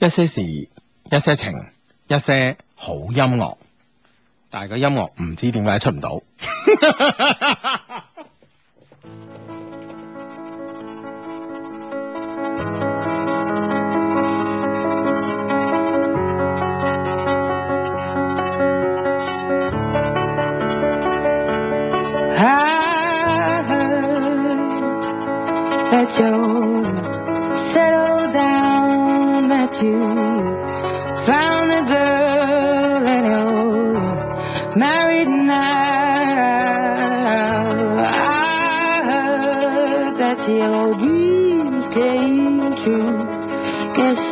一些事，一些情，一些好音樂，但係個音樂唔知點解出唔到。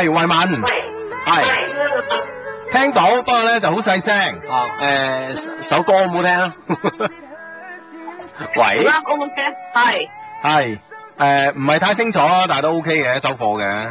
係慧敏，係，聽到，不過咧就好細聲，啊，誒，首歌好唔好聽啊？喂，好啦，O K，係，係，誒，唔係太清楚，但係都 O K 嘅，收貨嘅，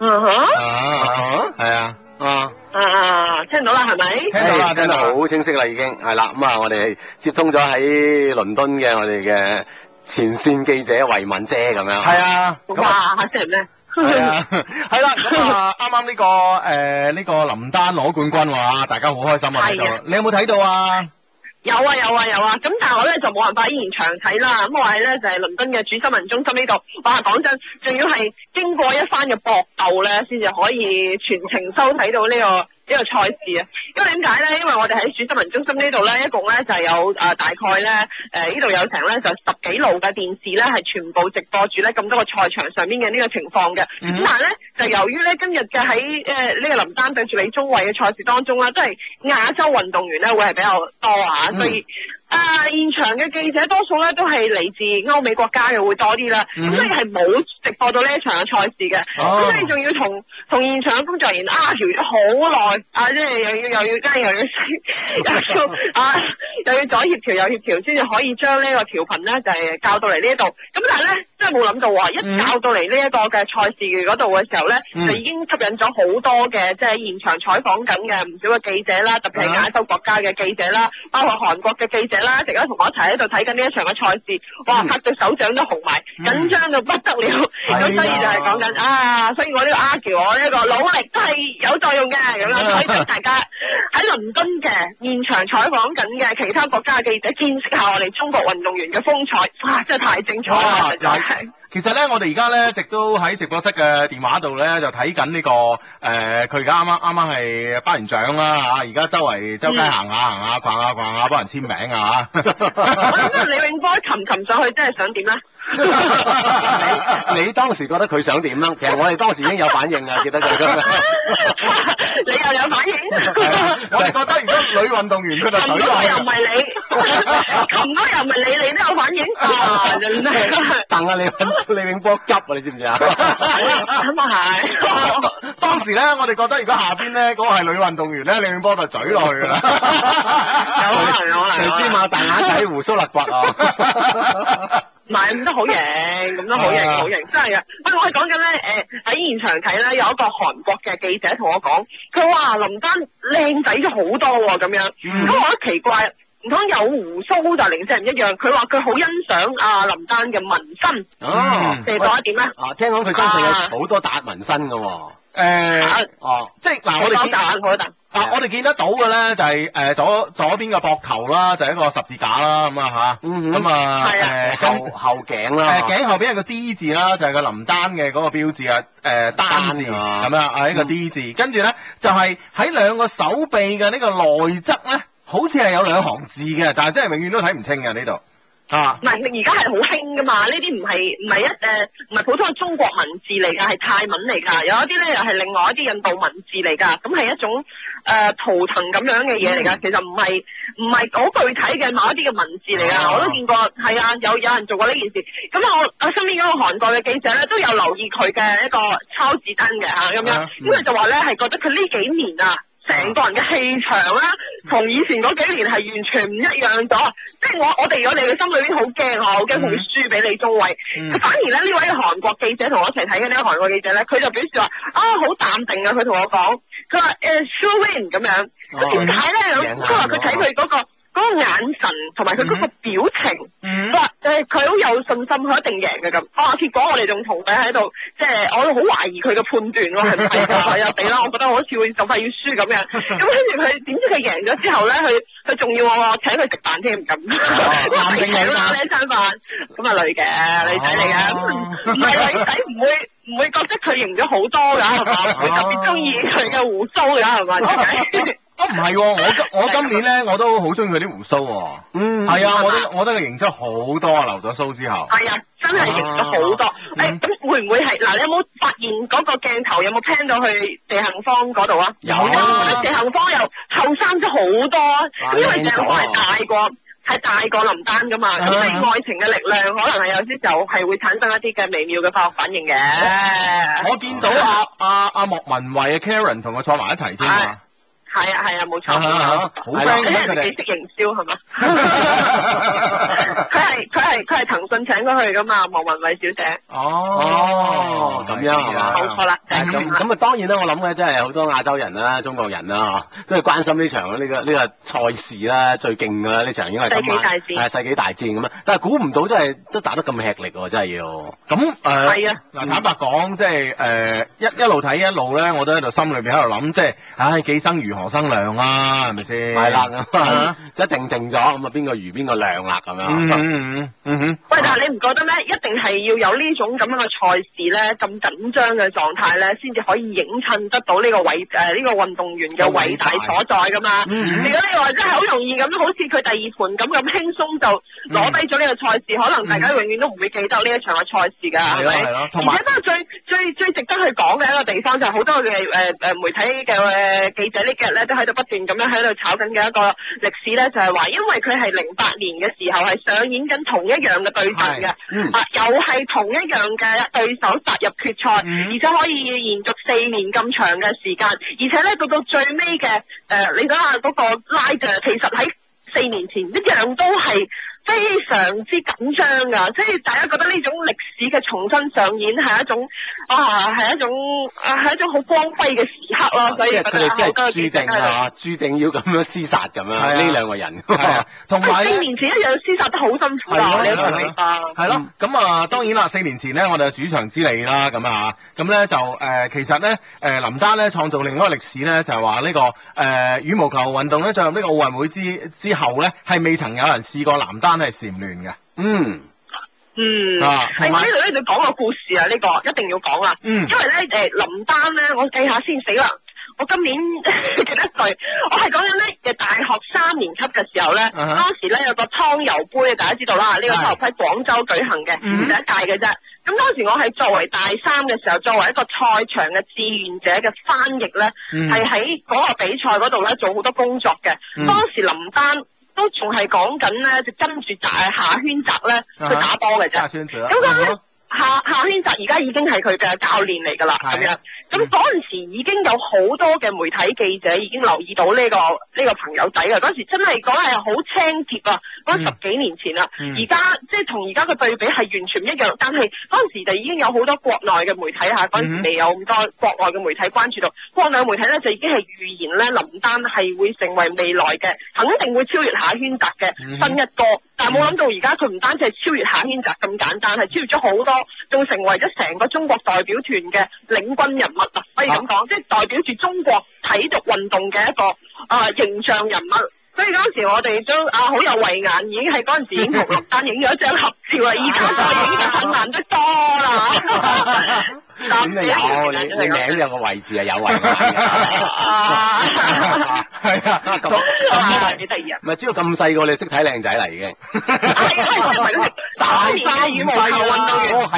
嗯哼，啊啊，係啊，啊啊，聽到啦，係咪？聽到啦，聽到好清晰啦，已經，係啦，咁啊，我哋接通咗喺倫敦嘅我哋嘅前線記者慧敏姐咁樣，係啊，哇，真係咩？係 啊， 啦，咁啊、這個，啱啱呢個誒，呢、這個林丹攞冠軍哇，大家好開心啊！呢度，你有冇睇到啊？有啊有啊有啊，咁、啊、但係我咧就冇辦法喺現場睇啦，咁我係咧就係、是、倫敦嘅主新聞中心呢、這、度、個。哇，講真，仲要係經過一番嘅搏鬥咧，先至可以全程收睇到呢、這個。呢、這個賽事啊，因為點解咧？因為我哋喺選新聞中心呢度咧，一共咧就係有啊、呃，大概咧，誒呢度有成咧就十幾路嘅電視咧，係全部直播住咧咁多個賽場上面嘅呢個情況嘅。咁、嗯、但係咧，就由於咧今日嘅喺誒呢個林丹對住李宗偉嘅賽事當中咧，都係亞洲運動員咧會係比較多啊、嗯，所以。啊、呃！現場嘅記者多數咧都係嚟自歐美國家嘅會多啲啦，咁、嗯、所以係冇直播到呢一場嘅賽事嘅，咁、哦、所以仲要同同現場嘅工作人員啊調咗好耐，啊即係又要又、啊、要即係又要先 啊又要左協調右協調，先至可以將呢個、就是、調頻咧就係校到嚟呢度，咁但係咧。真係冇諗到話、啊、一搞到嚟呢一個嘅賽事嗰度嘅時候咧、嗯，就已經吸引咗好多嘅即係喺現場採訪緊嘅唔少嘅記者啦，特別係亞洲國家嘅記者啦、啊，包括韓國嘅記者啦，成日同我一齊喺度睇緊呢一場嘅賽事，哇，拍到手掌都紅埋，緊張到不得了。咁、啊、所以就係講緊啊，所以我呢個 argue，我呢個努力都係有作用嘅咁樣。所以祝大家喺倫、啊、敦嘅現場採訪緊嘅其他國家嘅記者見識下我哋中國運動員嘅風采，哇，真係太精彩啦！啊啊其實咧，我哋而家咧，一直都喺直播室嘅電話度咧、這個，就睇緊呢個誒，佢而家啱啱啱啱係頒完獎啦吓，而家周圍周街行下行下逛下逛下，幫人簽名啊吓。我諗你阿永波擒擒上去，真係想點咧？ 你你當時覺得佢想點啦？其實我哋當時已經有反應啦，記得佢咁樣。 你又有反應？ 我哋覺得如果女運動員佢就嘴落去，琴哥又唔係你，琴 哥又唔係你，你都有反應啊？等啊，李李永波急啊，你知唔知啊？咁啊係。當時呢，我哋覺得如果下邊呢嗰、那個係女運動員咧，李永波就嘴落去㗎啦。有可能，有可能。長啲擘大眼仔，鬍鬚立骨啊！唔係，咁都好型，咁都好型，哦，好型，真係啊！喂，我係講緊咧，喺、呃、現場睇咧，有一個韓國嘅記者同我講，佢話林丹靚仔咗好多喎，咁樣，咁、嗯、我覺得奇怪，唔通有鬍鬚就零舍唔一樣？佢話佢好欣賞阿、啊、林丹嘅紋身，你哋講一點咧？啊，聽講佢身上有好多打紋身㗎喎。誒、欸啊，哦，即係嗱，我哋見、啊，我哋、啊、見得到嘅咧就係誒左左邊嘅膊頭啦，就係呃就係、一個十字架啦，咁啊吓，咁啊誒後後頸啦，誒頸後邊有個 D 字啦，就係個林丹嘅嗰個標誌啊，誒單字咁啊，係、嗯嗯嗯嗯嗯嗯啊啊啊、一個 D 字，就係單字啊啊 D 字嗯、跟住咧就係喺兩個手臂嘅呢個內側咧，好似係有兩行字嘅，但係真係永遠都睇唔清嘅呢度。啊！唔係，而家係好興㗎嘛？呢啲唔係唔係一誒唔係普通嘅中國文字嚟㗎，係泰文嚟㗎，有一啲咧又係另外一啲印度文字嚟㗎，咁、嗯、係一種誒圖騰咁樣嘅嘢嚟㗎，其實唔係唔係好具體嘅某一啲嘅文字嚟㗎、啊，我都見過，係啊，啊，有有人做過呢件事，咁我我身邊嗰個韓國嘅記者咧都有留意佢嘅一個抄字燈嘅嚇，咁樣，咁、啊、佢、嗯、就話咧係覺得佢呢幾年啊。成個人嘅氣場啦，同以前嗰幾年係完全唔一樣咗、嗯。即係我我哋我哋嘅心裏邊好驚我，好、嗯、驚會輸俾李宗偉。嗯、反而咧呢位韓國記者同我一齊睇緊呢個韓國記者咧，佢就表示話啊好淡定嘅，佢同我講，佢話誒 sure win 咁樣。哦。點解咧？佢話佢睇佢嗰個眼神同埋佢嗰個表情，哇、嗯！誒，佢好有信心，佢一定贏嘅咁。啊、哦，結果我哋仲同佢喺度，即係我好懷疑佢嘅判斷喎，係咪？係？又係俾啦，我覺得好似會就快要輸咁樣。咁跟住佢點知佢贏咗之後咧，佢佢仲要我請佢食飯添，唔緊要，我請你食餐飯。咁 啊，啊，女嘅女仔嚟嘅，唔係女仔唔會唔會覺得佢贏咗好多㗎，唔、 啊、會特別中意佢嘅鬍鬚㗎，係嘛？啊 都唔係，我今我今年咧，我都好中意佢啲鬍鬚，啊。嗯，係啊，嗯、我都我覺得佢出好多啊，留咗鬚之後。係、哎、啊，真係型咗好多。咁會唔會係嗱，嗯啊？你有冇發現嗰個鏡頭有冇聽到去謝杏芳嗰度啊？有啊，啊，謝杏芳又後生咗好多啊。咁因為謝杏芳係大過係、啊、大過林丹噶嘛，咁、啊、你愛情嘅力量，可能係有啲時候係會產生一啲嘅微妙嘅化學反應嘅，啊。我見到阿阿阿莫文蔚嘅 Karen 同佢坐埋一齊添啊。啊係啊，係啊冇錯，即係人哋幾識營銷係 嘛？佢係，佢係，佢係騰訊請佢去噶嘛，莫文蔚小姐。哦，咁 樣、哦嗯、啊、冇、嗯、錯、啊啊啊、啦。咁、嗯、啊！嗯、當然啦，我諗咧，真係好多亞洲人啦、啊、中國人啦、啊，都係關心呢場呢、呢個呢、呢個賽事啦、啊，最勁㗎啦，呢場應該係世紀大戰，咁、啊、啦。但係估唔到真係都打得咁吃力喎、啊，真係要咁誒係啊！嗱、呃嗯，坦白講，即係誒一一路睇一路咧，我都喺度心裏邊喺度諗，即係唉，既、哎、生瑜何生亮啊？係咪先？係啦、嗯 嗯嗯嗯嗯，一定定咗咁啊，邊個瑜邊個亮啦？咁樣。嗯嗯嗯哼。喂，但係你唔覺得咩？一定係要有呢種咁樣嘅賽事咧，咁緊張嘅狀態咧。先至可以映襯得到呢個偉誒呢個運動員嘅偉大所在㗎嘛！如果你話真係好容易咁，好似佢第二盤咁咁輕鬆就攞低咗呢個賽事、嗯，可能大家永遠都唔會記得呢一場嘅賽事㗎，係、嗯、咪？而且都係最最最值得去講嘅一個地方，就係、是、好多嘅誒誒媒體嘅、呃、記者呢幾日咧，都喺度不斷咁樣喺度炒緊嘅一個歷史咧，就係、是、話因為佢係零八年嘅時候係上演緊同一樣嘅對陣嘅，啊，又係同一樣嘅對手殺入決賽、嗯，而且可以延續四年咁長嘅時間，而且咧到到最尾嘅誒，你睇下嗰個拉著，其實喺四年前一樣都係。非常之緊張㗎，即係大家覺得呢種歷史嘅重新上演係一種啊，係一種啊，係一種好光輝嘅時刻咯、啊。所以佢哋即係註定啊，註定要咁樣厮殺咁樣呢、啊、兩個人。同埋四年前一樣厮殺得好辛苦啊，我咯、啊，係係係咁啊，當然啦，四年前咧，我哋嘅主場之利啦，咁啊，咁咧就、呃、其實咧、呃、林丹呢咧創造另一個歷史咧，就係話呢個誒、呃、羽毛球運動咧進入呢個奧運會之之後咧，係未曾有人試過林丹。真係善亂嘅，嗯，嗯，啊，係嘛？係呢度咧，你講個故事啊，呢、這個一定要講啦，嗯，因為咧，誒，林丹咧，我記下先，死啦，我今年幾多歲？我係講緊咧，誒，大學三年級嘅時候咧、啊，當時咧有個湯尤杯大家知道啦，呢、這個球喺廣州舉行嘅，第、嗯、一屆嘅啫。咁當時我係作為大三嘅時候，作為一個賽場嘅志願者嘅翻譯咧，係喺嗰個比賽嗰度咧做好多工作嘅。嗯、當時林丹。都仲係講緊咧，就跟住大下圈澤咧去打波嘅啫。咁夏夏煊澤而家，已經係佢嘅教練嚟噶啦，咁樣，咁嗰陣時已經有好多嘅媒體記者已經留意到呢、這個呢、這個朋友仔啊，嗰陣時真係講係好青澀啊，嗰十幾年前啦、啊，而家即係同而家嘅對比係完全唔一樣，但係嗰陣時就已經有好多國內嘅媒體下，嗰、嗯、陣時未有咁多國內嘅媒體關注到，嗯、國內嘅媒體咧就已經係預言咧林丹係會成為未來嘅，肯定會超越夏煊澤嘅新一哥但係冇諗到而家佢唔單止係超越夏煊澤咁簡單，係超越咗好多，仲成為咗成個中國代表團嘅領軍人物啊！可以咁講，即係代表住中國體育運動嘅一個啊、呃、形象人物。所以嗰陣時我哋都啊好有慧眼，已經喺嗰陣時已經同林丹影咗張合照啦，而 家 就影得困難得多啦。咁都有，你有你名有個位置啊，有位置啊。係啊，咁都幾得意啊。唔係，知道咁細個你識睇靚仔嚟嘅。已經。係，因為係大晒羽毛球運動員。哦，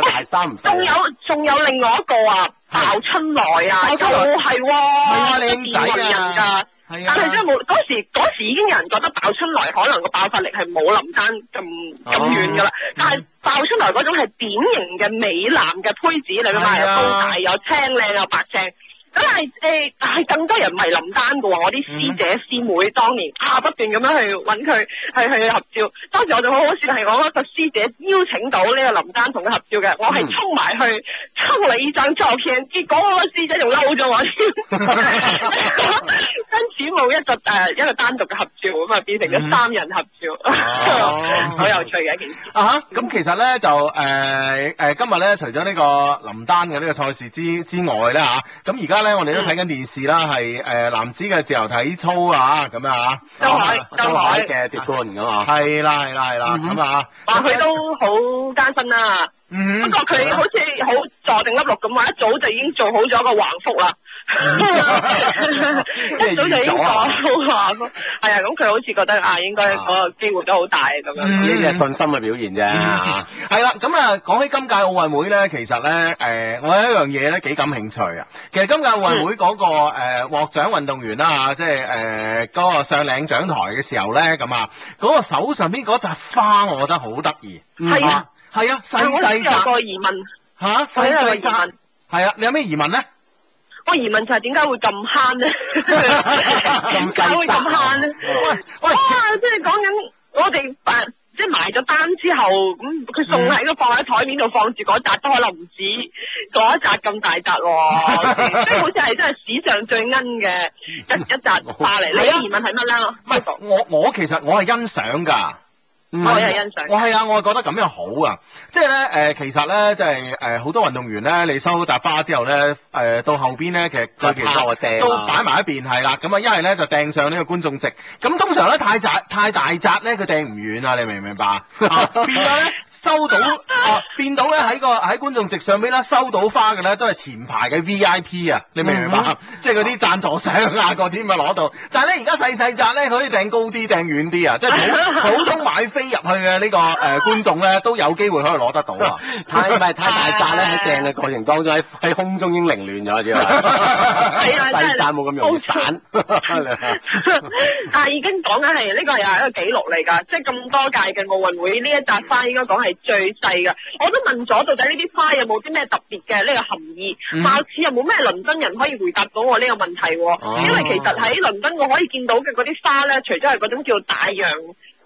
係係大三唔仲有仲有另外一個啊，鮑春來啊，都係喎，你健運人㗎。是啊，但係真係冇嗰時。嗰時已經有人覺得鮑春來可能個爆發力係冇林丹咁咁遠㗎啦，嗯。但係鮑春來嗰種係典型嘅美男嘅胚子嚟㗎嘛，又，啊，高大又青靚又白淨。咁係誒，但、欸、係更多人唔迷林丹嘅喎，我啲師姐師妹當年、嗯、啊不斷咁樣去揾佢，去去合照。當時我就好好笑，係我一個師姐邀請到呢個林丹同佢合照嘅，我係衝埋去抽你張 join 結果我個師姐仲嬲咗我 跟因此冇一個誒、呃、一個單獨嘅合照，咁啊變成咗三人合照。嗯、 好有趣嘅一件事。嚇，咁、啊、其實咧就誒誒、呃呃，今日咧除咗呢個林丹嘅呢個賽事之之外咧嚇，咁而家咧。我哋都睇緊電視啦，係、嗯、誒、呃、男子嘅自由體操啊，咁啊，周海周海嘅奪冠咁啊，係啦係啦係啦，咁啊，話、啊、佢、啊啊啊啊嗯啊、都好艱辛啦、啊，嗯，不過佢好似、嗯、好坐定粒六咁話，啊、一早就已經做好咗一個橫幅啦。即係早就已經講話咁，係啊，咁佢好似覺得啊，應該嗰個機會都好大咁樣。呢啲係信心嘅表現啫。係啦，咁啊，講起今屆奧運會咧，其實咧，誒，我有一樣嘢咧幾感興趣啊。其實今屆奧運會嗰個誒獲獎運動員啦嚇，即係誒嗰個上領獎台嘅時候咧咁啊，嗰個手上邊嗰扎花，我覺得好得意。係啊，係啊，細細扎。係，我有個疑問。嚇，細細扎。係啊，你有咩疑問咧？我疑問就係點解會咁慳咧？點 解會咁慳咧？哇、啊！即係講緊我哋買，即係埋咗單之後，咁佢仲喺個放喺台面度放住嗰扎，都可能唔止嗰一扎咁大扎喎。即 係好似係真係史上最奀嘅一一扎巴嚟。你嘅疑問係乜呢？唔係，我我其實我係欣賞㗎。.我係欣賞，我係啊，我係覺得咁樣好啊，即係咧，誒、呃，其實咧、就是，即、呃、係，誒，好多運動員咧，你收好紮花之後咧，誒、呃，到後邊咧，其實佢拋都擺埋一邊係啦，咁啊，一係咧、啊、就掟上呢個觀眾席，咁通常咧，太太大扎咧，佢掟唔遠啊，你明唔明白？變咗咧？收到啊，變到咧喺個喺觀眾席上邊啦，收到花嘅咧都係前排嘅 V I P 啊，你明唔明白嗎、嗯？即係嗰啲贊助商啊，嗰啲咁啊攞到。但係咧而家細細紮咧可以掟高啲、掟遠啲啊！即係普通買飛入去嘅呢、這個誒、呃、觀眾咧都有機會可以攞得到。啊。太咪太大扎咧，喺掟嘅過程當中喺喺空中已經凌亂咗，只係冇咁容易、嗯、散。 但係已經講緊係呢個又係一個紀錄嚟㗎，即係咁多屆嘅奧運會呢一紮花應該講係。係最細噶我都問咗到底呢啲花有冇啲咩特別嘅呢個含義、嗯，貌似又冇咩倫敦人可以回答到我呢個問題、哦？因為其實喺倫敦我可以見到嘅嗰啲花咧，除咗係嗰種叫大洋、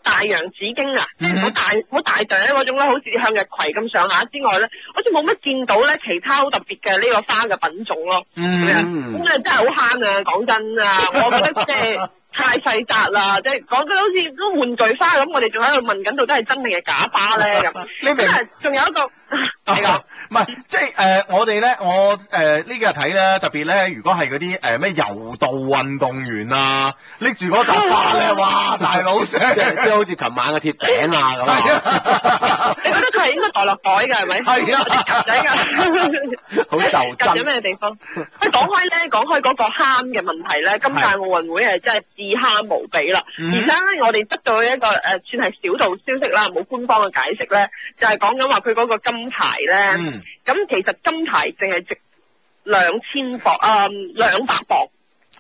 大洋紫荊啊、嗯，即係好大、好大朵嗰種咧，好似向日葵咁上下之外咧，好似冇乜見到咧其他好特別嘅呢個花嘅品種咯。咁、嗯、啊、嗯嗯嗯嗯、真係好慳啊，講真啊，我覺得即、就、係、是。 太細紮啦，即係講得好似啲玩具花咁，我哋仲喺度問緊到底係真定係假花咧咁，你明唔明，即係仲有一個啊，唔係，即係我哋咧，我誒呢幾日睇咧，特別咧，如果係嗰啲誒咩柔道運動員、呃、啊，拎住嗰嚿花呢， 哇，大佬即係好似琴晚嘅鐵餅啊咁 是、啊、 你覺得佢係應該袋落袋㗎係咪？係啊，袋落好受。 真。有咗咩地方？講講開咧，講開嗰個慳嘅問題咧，今屆奧運會係真係自慳無比啦、嗯，而家咧我哋得到一個誒、呃、算係小道消息啦，冇官方嘅解釋咧，就係講緊話佢嗰個金。金牌咧，嗯，咁其實金牌淨係值兩千磅啊，兩百磅。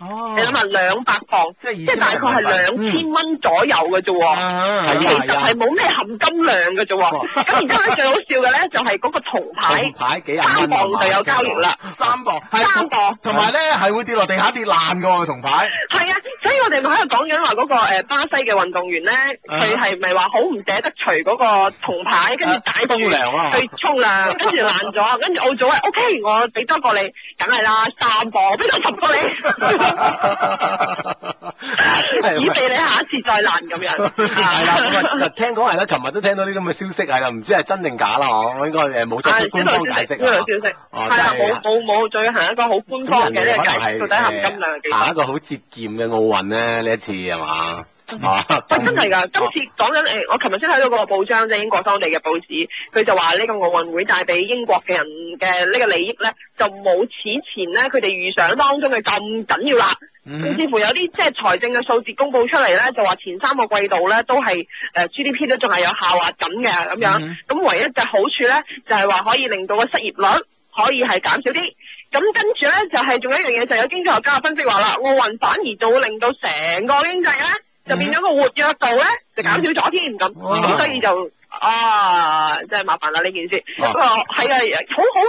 你諗下，兩百磅，即係大概係兩千蚊左右嘅啫喎，其實係冇咩含金量嘅啫喎。咁、哦、而家、哦、最好笑嘅咧就係嗰個銅牌，銅牌，三磅就有交易啦、哦，三磅，三磅，同埋咧係會跌落地下跌爛嘅喎，銅牌。係啊，所以我哋咪喺度講緊話嗰個、呃、巴西嘅運動員咧，佢係咪話好唔捨得除嗰個銅牌，跟住帶布啊，去沖涼，跟住爛咗， 跟住奧組委 OK，我比多過你，梗係啦，三磅，我比多十個你。 哈！ 以備你下一次再爛咁樣。係啦，咁啊，聽講係啦，尋日都聽到啲咁嘅消息係啦，唔知係真定假啦，我應該誒冇做官方解釋。呢兩條消息。係啦，冇冇冇，再、哦啊、行一個好官方嘅呢個解，到底含金量幾多？行一個好節儉嘅奧運咧，呢一次係嘛？啊！喂、哎，真係噶，今次講緊誒，我琴日先睇到嗰個報章啫，英國當地嘅報紙，佢就話呢個奧運會帶俾英國嘅人嘅呢個利益咧，就冇此前咧佢哋預想當中嘅咁緊要啦。嗯。甚至乎有啲即係財政嘅數字公佈出嚟咧，就話前三個季度咧都係誒、呃、GDP 都仲係有下滑緊嘅咁樣。咁、嗯、唯一嘅好處咧，就係、是、話可以令到個失業率可以係減少啲。咁跟住咧，就係、是、仲有一樣嘢就係、是、有經濟學家分析話啦，奧運反而就會令到成個經濟咧。就變咗個活躍度咧，就減少咗添，咁咁所以就啊，啊，真係麻煩啦呢件事。係啊，好、啊、好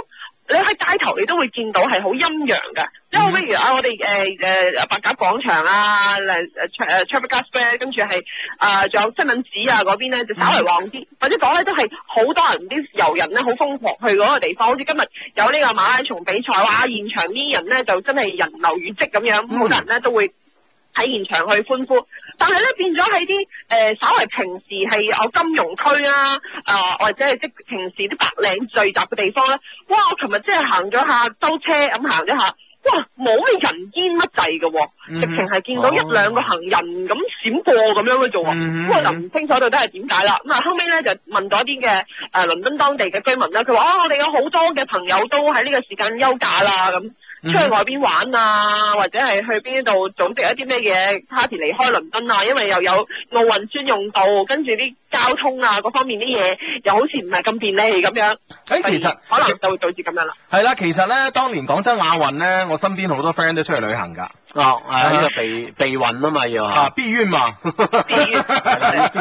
你喺街頭你都會見到係好陰陽嘅，即、嗯、係比如啊，我哋誒誒白鴿廣場啊，誒誒 Trafalgar Square，跟住係啊，仲、呃、有新聞紙啊嗰邊咧就稍為旺啲、嗯，或者講咧都係好多人啲遊人咧好瘋狂去嗰個地方，好似今日有呢個馬拉松比賽啊，現場啲人咧就真係人流如織咁樣，好、嗯、多人咧都會喺現場去歡呼。但係咧變咗喺啲誒稍為平時係有金融區啦、啊，啊、呃、或者係即平時啲白領聚集嘅地方咧、啊，哇！我尋日即係行咗下兜車咁行咗下，哇！冇咩人煙乜滯㗎喎，嗯、直情係見到一兩個行人咁閃過咁樣嘅啫喎，咁、嗯嗯、我就唔清楚到底係點解啦。咁啊後尾咧就問咗啲嘅誒倫敦當地嘅居民啦、啊，佢話啊我哋有好多嘅朋友都喺呢個時間休假啦咁。嗯出去外邊玩啊，或者係去邊度組織一啲咩嘢 party 離開倫敦啊，因為又有奧運專用道，跟住啲交通啊各方面啲嘢又好似唔係咁便利咁樣、欸。其實可能就會導致咁樣啦。係啦，其實咧，當年廣州亞運咧，我身邊好多 friend 都出去旅行㗎。哦，係呢個避避運啊嘛要。啊，避冤嘛。避冤。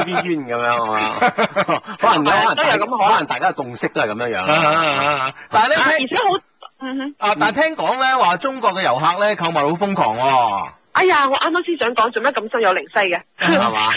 避 冤咁這樣係嘛？可 能可能大家嘅共識都係咁樣樣。 但係咧，而且好。嗯哼嗯，啊，但係聽講咧，話中國嘅遊客咧，購物好瘋狂、哦。哎呀，我啱啱先想講，做咩咁心有靈犀嘅？係、嗯、嘛？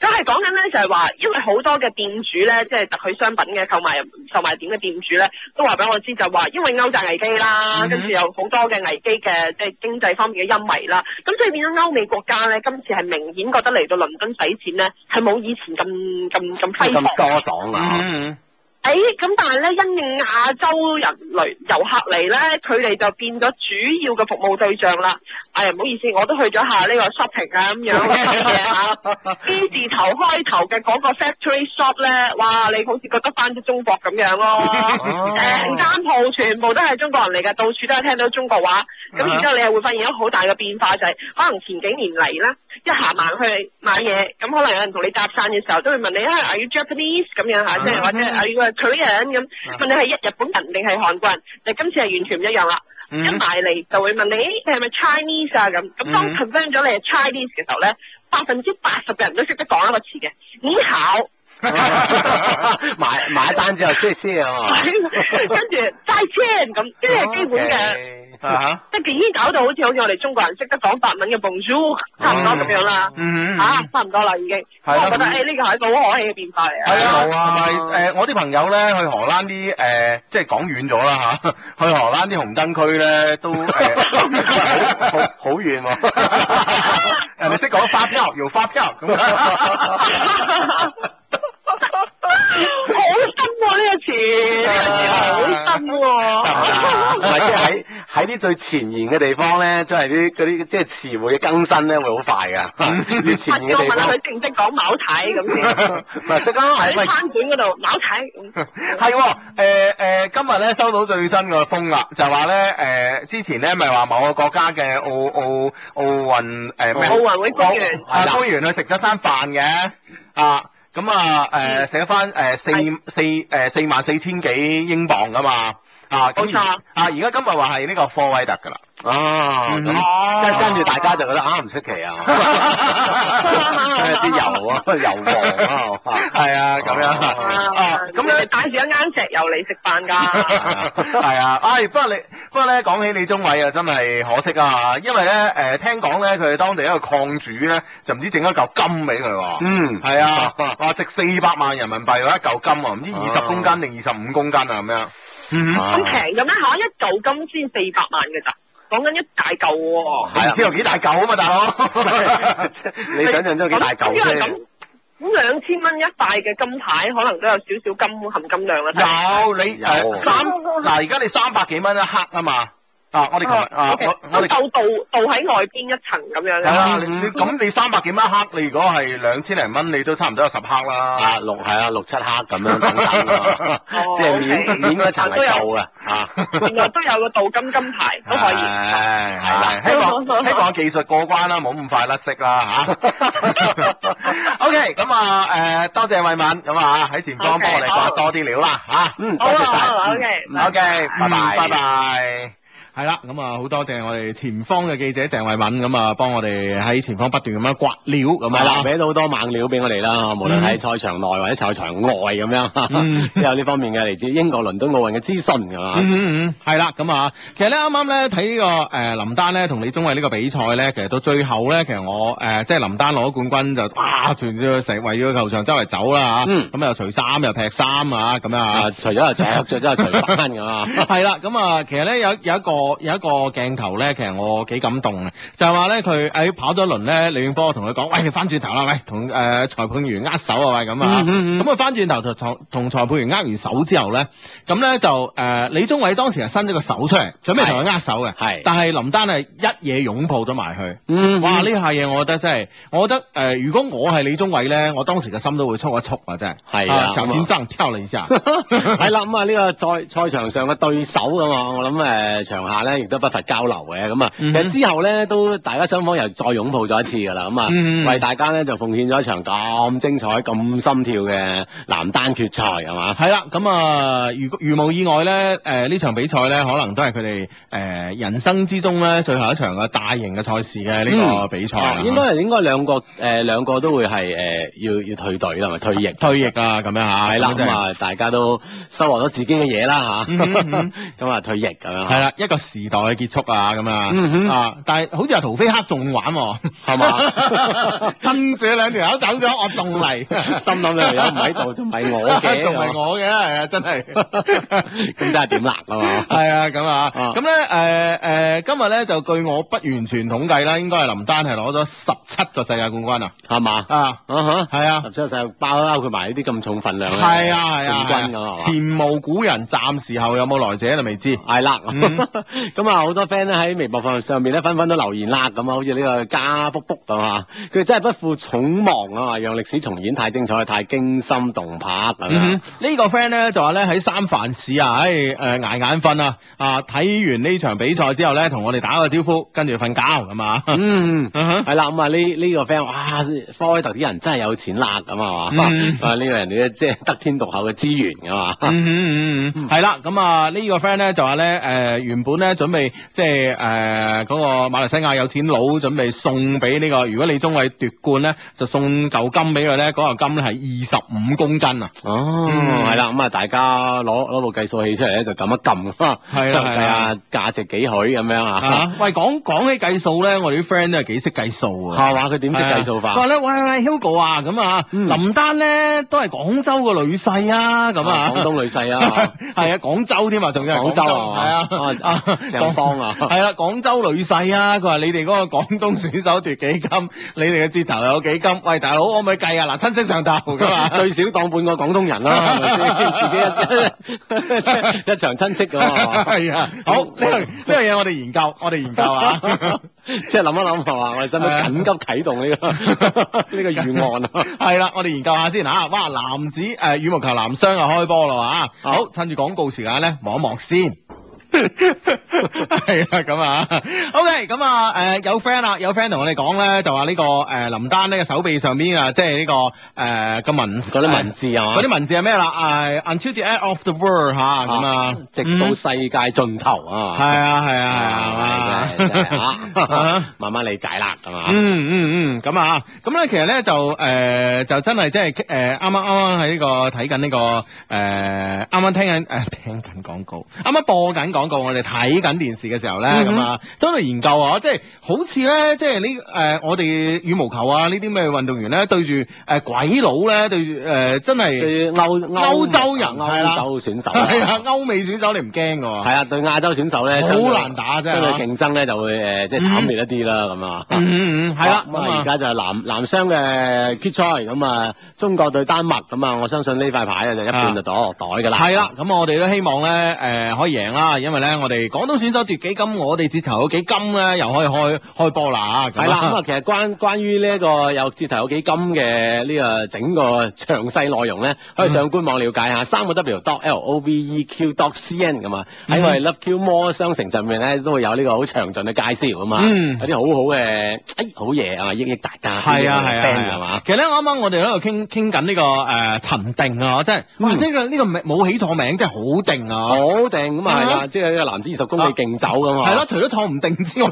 都係講緊咧， 就係話，因為好多嘅店主咧，即係特許商品嘅售賣售賣點嘅店主咧，都話俾我知就話，因為歐債危機啦，嗯、跟住有好多嘅危機嘅即係經濟方面嘅陰霾啦，咁所以變咗歐美國家咧，今次係明顯覺得嚟到倫敦使錢咧，係冇以前咁咁咁犀利，咁舒爽啊！嗯。誒、哎、咁，但係咧，因應亞洲人嚟遊客嚟咧，佢哋就變咗主要嘅服務對象啦。呀、哎、唔好意思，我都去咗下呢個 shopping 啊咁樣嘅嘢啊。B、 啊、 字頭開頭嘅嗰個 factory shop 咧，哇！你好似覺得翻咗中國咁樣咯、啊。誒間鋪全部都係中國人嚟㗎，到處都係聽到中國話。咁 然之後，你係會發現一個好大嘅變化，就係、是、可能前幾年嚟咧，一行埋去買嘢，咁可能有人同你搭訕嘅時候，都會問你啊 ，Are you Japanese 咁樣嚇，即 係或者 取人咁問你係日日本人定係韓國人？但今次係完全唔一樣啦、嗯，一埋嚟就會問你是是、啊、當你係咪 Chinese 啊咁？咁當 confirm 咗你係 Chinese 嘅時候咧，百分之八十嘅人都識得講一個詞嘅，你好 買買單之 然後先啊，跟住再簽咁，呢啲係基本嘅。Okay. 即係已經搞到好似好似我哋中國人識得講法文嘅 Bonjour 差唔多咁樣啦，嚇、嗯嗯啊、差唔多啦已經。啊、我覺得誒呢、哎這個係個好可喜嘅變化嚟啊！係、嗯、啊，同埋、呃、我啲朋友呢去荷蘭啲誒、呃、即係講遠咗啦、啊、去荷蘭啲紅燈區呢都誒、呃、 好好，好遠喎、啊。 人哋識講發票，要發票咁。 好深喎呢個詞，好深喎。係啊，喺喺啲最前沿嘅地方呢，即係啲嗰啲即係詞彙嘅更新呢會好快㗎。越前沿嘅地方。我問佢識唔識講貌睇咁先。唔係識啊，喺翻館嗰度貌睇。係喎、欸，今日呢收到最新個風啦，就話呢、欸，之前呢咪話某個國家嘅奧奧奧運誒咩？奧、欸、運會官員官員去食咗餐飯嘅咁啊，誒、呃，寫翻誒、呃，四四誒、呃，四萬四千幾英鎊㗎嘛，啊，當然啦，啊而家今日話係呢個科威特㗎啦。啊，咁即係跟住大家就覺得啱唔出奇啊！即係啲油啊，啊，油王啊，係啊，咁樣啊，咁、啊、樣、啊啊啊啊、你帶住一間石油嚟食飯㗎，係啊。唉、啊啊啊啊哎，不過你不過咧，講起李宗偉啊，真係可惜啊，因為咧、呃、聽講咧，佢當地一個礦主咧就唔知整一嚿金俾佢喎，嗯，係啊，話、啊啊、值四百萬人民幣喎一嚿金啊，唔知二十公斤定二十五公斤啊？咩啊？嗯、啊，咁平咁咩嚇？啊啊啊、一嚿金先四百萬㗎咋？講緊一大嚿喎、哦，唔、啊、知有幾大嚿啊嘛，大佬。 是 你想象都有幾大嚿啫。咁，咁兩千蚊一塊嘅金牌，可能都有少少金含金量啦。有，你有三，嗱而家你三百幾蚊一克啊嘛。啊！我哋啊、okay，啊，我哋就鍍鍍喺外邊一層咁樣咧。啦、啊，咁、嗯、你、嗯、你三百幾蚊一克，你如果係兩千零蚊，你都差唔多有十克啦。啊，六係啊，六七克咁樣即係、哦 okay，面面一層係夠嘅。啊，原來都有、啊、都有個鍍金金牌都、啊啊、可以。誒，係啊，希望希望技術過關啦，冇咁快甩色啦嚇。啊、 OK，咁啊誒，多謝魏敏咁啊喺前方幫我哋講多啲料啦嚇。嗯，多謝曬。OK，OK，拜拜，拜拜。係啦，咁啊好多謝我哋前方嘅記者鄭慧敏咁啊，幫我哋喺前方不斷咁樣颳料咁啊，俾到好多猛料俾我哋啦，無論喺賽場內或者賽場外咁、嗯、樣，都有呢方面嘅嚟自英國倫敦奧運嘅資訊，係、嗯、嘛、嗯，係啦，咁啊，其實咧啱啱咧睇呢，剛剛呢、這個誒、呃、林丹咧同李宗偉呢個比賽咧，其實到最後咧，其實我誒、呃、即係林丹攞冠軍就啊團咗，成圍咗球場周圍走啦吓，咁、嗯、又除衫又劈衫啊咁啊，除咗又着，着咗又除翻咁啊，係、啊、啦，咁啊，啊 其實咧有有一個。有有一個鏡頭咧，其實我幾感動嘅，就係話咧佢喺跑咗一輪咧，李永波同佢講，喂，你翻轉頭啦，喂，同誒、呃、裁判員握手啊，喂咁啊，咁啊翻轉頭同裁判員握手之後咧，咁咧就誒、呃、李宗偉當時係伸咗個手出嚟，準備同佢握手嘅，係，但係林丹係一嘢擁抱咗埋去嗯嗯，哇！呢下嘢我覺得真係，我覺得誒、呃、如果我係李宗偉咧，我當時嘅心都會縮一縮啊，真係，係啊，小心臟跳了一下，係、嗯、啦，咁啊呢個賽賽場上嘅對手咁啊，我諗誒、呃、場下咧，亦都不乏交流嘅咁啊！其實之後咧，都大家雙方又再擁抱咗一次噶啦，咁啊，為大家咧就奉獻咗一場咁精彩、咁、mm-hmm. 心跳嘅男單決賽係嘛？係啦，咁啊，如如，如無意外咧，誒呢場比賽咧，可能都係佢哋誒人生之中咧最後一場嘅大型嘅賽事嘅呢個比賽啊、mm-hmm.，應該係應該兩個誒兩個、呃、都會係誒、呃、要要退隊啦，咪退役退役啊咁樣嚇，係啦，咁啊、就是、大家都收穫咗自己嘅嘢啦嚇，咁、mm-hmm. 啊退役咁樣係啦，一個。時代結束啊咁、嗯、啊，但係好似阿陶菲克仲玩喎、啊，係嘛？趁 住兩條友走咗，我仲嚟、啊。 心諗兩條友唔喺度，仲 係我嘅、啊，仲 係、啊、我嘅、啊，係啊，真係。咁即係點啦，係嘛？係啊，咁啊，咁咧誒誒，今日咧就據我不完全統計啦，應該係林丹係攞咗十七個世界冠軍啊，係嘛？啊，係啊，啊，啊，啊，十七個世界包包佢埋呢啲咁重份量咧、啊，係啊係啊，啊，啊，冠軍嘅、啊、前無古人，暫時後有冇來者就、啊、未知。係、啊、啦。 咁、嗯、啊，好多 friend 咧喺微博上面呢，咧，紛紛都留言啦，咁啊，好似呢個加卜卜咁啊，佢真係不負眾望啊，讓歷史重演太精彩，太驚心動魄咁、啊、嗯、這個、呢個 friend 咧就話咧喺三藩市、哎呃、啊，唉，誒捱眼瞓啊，啊睇完呢場比賽之後咧，同我哋打個招呼，跟住瞓覺咁啊。嗯，係、嗯、啦，咁啊呢呢個 friend，哇，科威特啲人真係有錢啦，咁啊嘛，啊呢、嗯啊這個人呢，即係得天獨厚嘅資源啊嘛。係、嗯、啦，咁啊呢個 friend 咧就話咧，誒原本。嗯咧準備即係誒嗰個馬來西亞有錢佬準備送俾呢、這個，如果李宗偉奪冠咧，就送嚿金俾佢咧。嗰、那、嚿、個、金咧係二十五公斤啊！哦、嗯，係啦，咁啊，大家攞攞部計數器出嚟咧，就撳一撳，即係計下價值幾許咁樣、啊、樣啊！喂，講講起計數咧，我哋啲 friend 都係幾識計數啊。係話佢點識計數法？咧，喂喂，Hugo 啊，咁啊，林丹咧都係廣州個女婿啊，咁、嗯、啊、啊，廣東女婿啊，係 啊， 啊，廣州添啊，仲要廣州啊，係啊。 有啊？係 啦、啊，廣州女婿啊！佢話：你哋嗰個廣東選手奪幾金？你哋嘅折頭有幾金？喂，大佬，我咪計啊！嗱，親戚上頭㗎嘛， 最少當半個廣東人先、啊、 自己一,一,一,一場親戚㗎嘛。係啊， 好呢樣呢樣嘢， 呢個呢個、我哋研究，我哋研究啊。即係諗一諗係嘛？我哋使唔使緊急啟動呢、呢個呢 個預案啊？係 啦、啊，我哋研究下先嚇、啊。哇！男子誒、呃、羽毛球男雙又開波喇、啊。好，趁住廣告時間咧，望一望先。係 啊，咁啊，OK，咁啊，誒、okay, 啊，有 friend 啦，有 friend 同我哋講咧，就話呢個誒林丹呢個手臂上邊啊，即係呢個誒個、呃、文字，嗰啲文字啊，嗰、啊、啲文字係咩啦？係、 uh, Until the end of the world 吓、啊，咁啊,啊，直到世界盡頭啊，係、嗯、啊，係啊，係啊，係啊,啊,啊, 啊，慢慢理解啦，係、啊、嘛、 嗯？嗯嗯嗯，咁啊，咁咧、啊啊、其實咧就誒、呃、就真係即係誒啱啱啱啱喺呢個睇緊呢個誒啱啱聽緊誒聽緊廣告，啱啱播緊廣。講過、嗯嗯呃，我哋睇緊電視嘅時候咧，咁啊，都喺研究啊，即係好似咧，即係呢誒，我哋羽毛球啊呢啲咩運動員咧，對住誒鬼佬咧，對住誒真係對歐，歐，歐洲人啊，歐洲選手係歐美選， 選手你唔驚㗎，係啊，對亞洲選手咧好難打，真、就、係、是啊，跟佢競爭咧就會誒、呃、即係慘烈一啲啦，咁、嗯、啊，嗯嗯係、啊、啦，咁啊而家就係男男雙嘅決賽，咁啊中國對丹麥，咁啊我相信呢塊牌就一半就、啊、袋袋㗎啦，係啦，咁我哋都希望咧誒、呃、可以贏啦，因為咧，我哋廣東選手奪幾金，我哋折頭有幾金咧，又可以開開波啦嚇。係啦，咁啊，其實關關於呢一個又折頭有幾金嘅呢個整個詳細內容咧，可以上官網瞭解嚇。三個 W dot L O V E Q dot C N 咁啊，喺我哋 Love Q More 商城上面咧都會有呢個好詳盡嘅介紹啊嘛。嗯，有啲好好嘅，哎，好嘢啊嘛，億億大揸，係啊係啊，係嘛。其實咧，啱啱我哋喺度傾傾緊呢個誒沉定啊，即係話，呢個呢個名冇起錯名，真係好定啊，好定咁啊，係啦，即係。一男子二十公里競走咁啊！係咯，除咗坐唔定之外，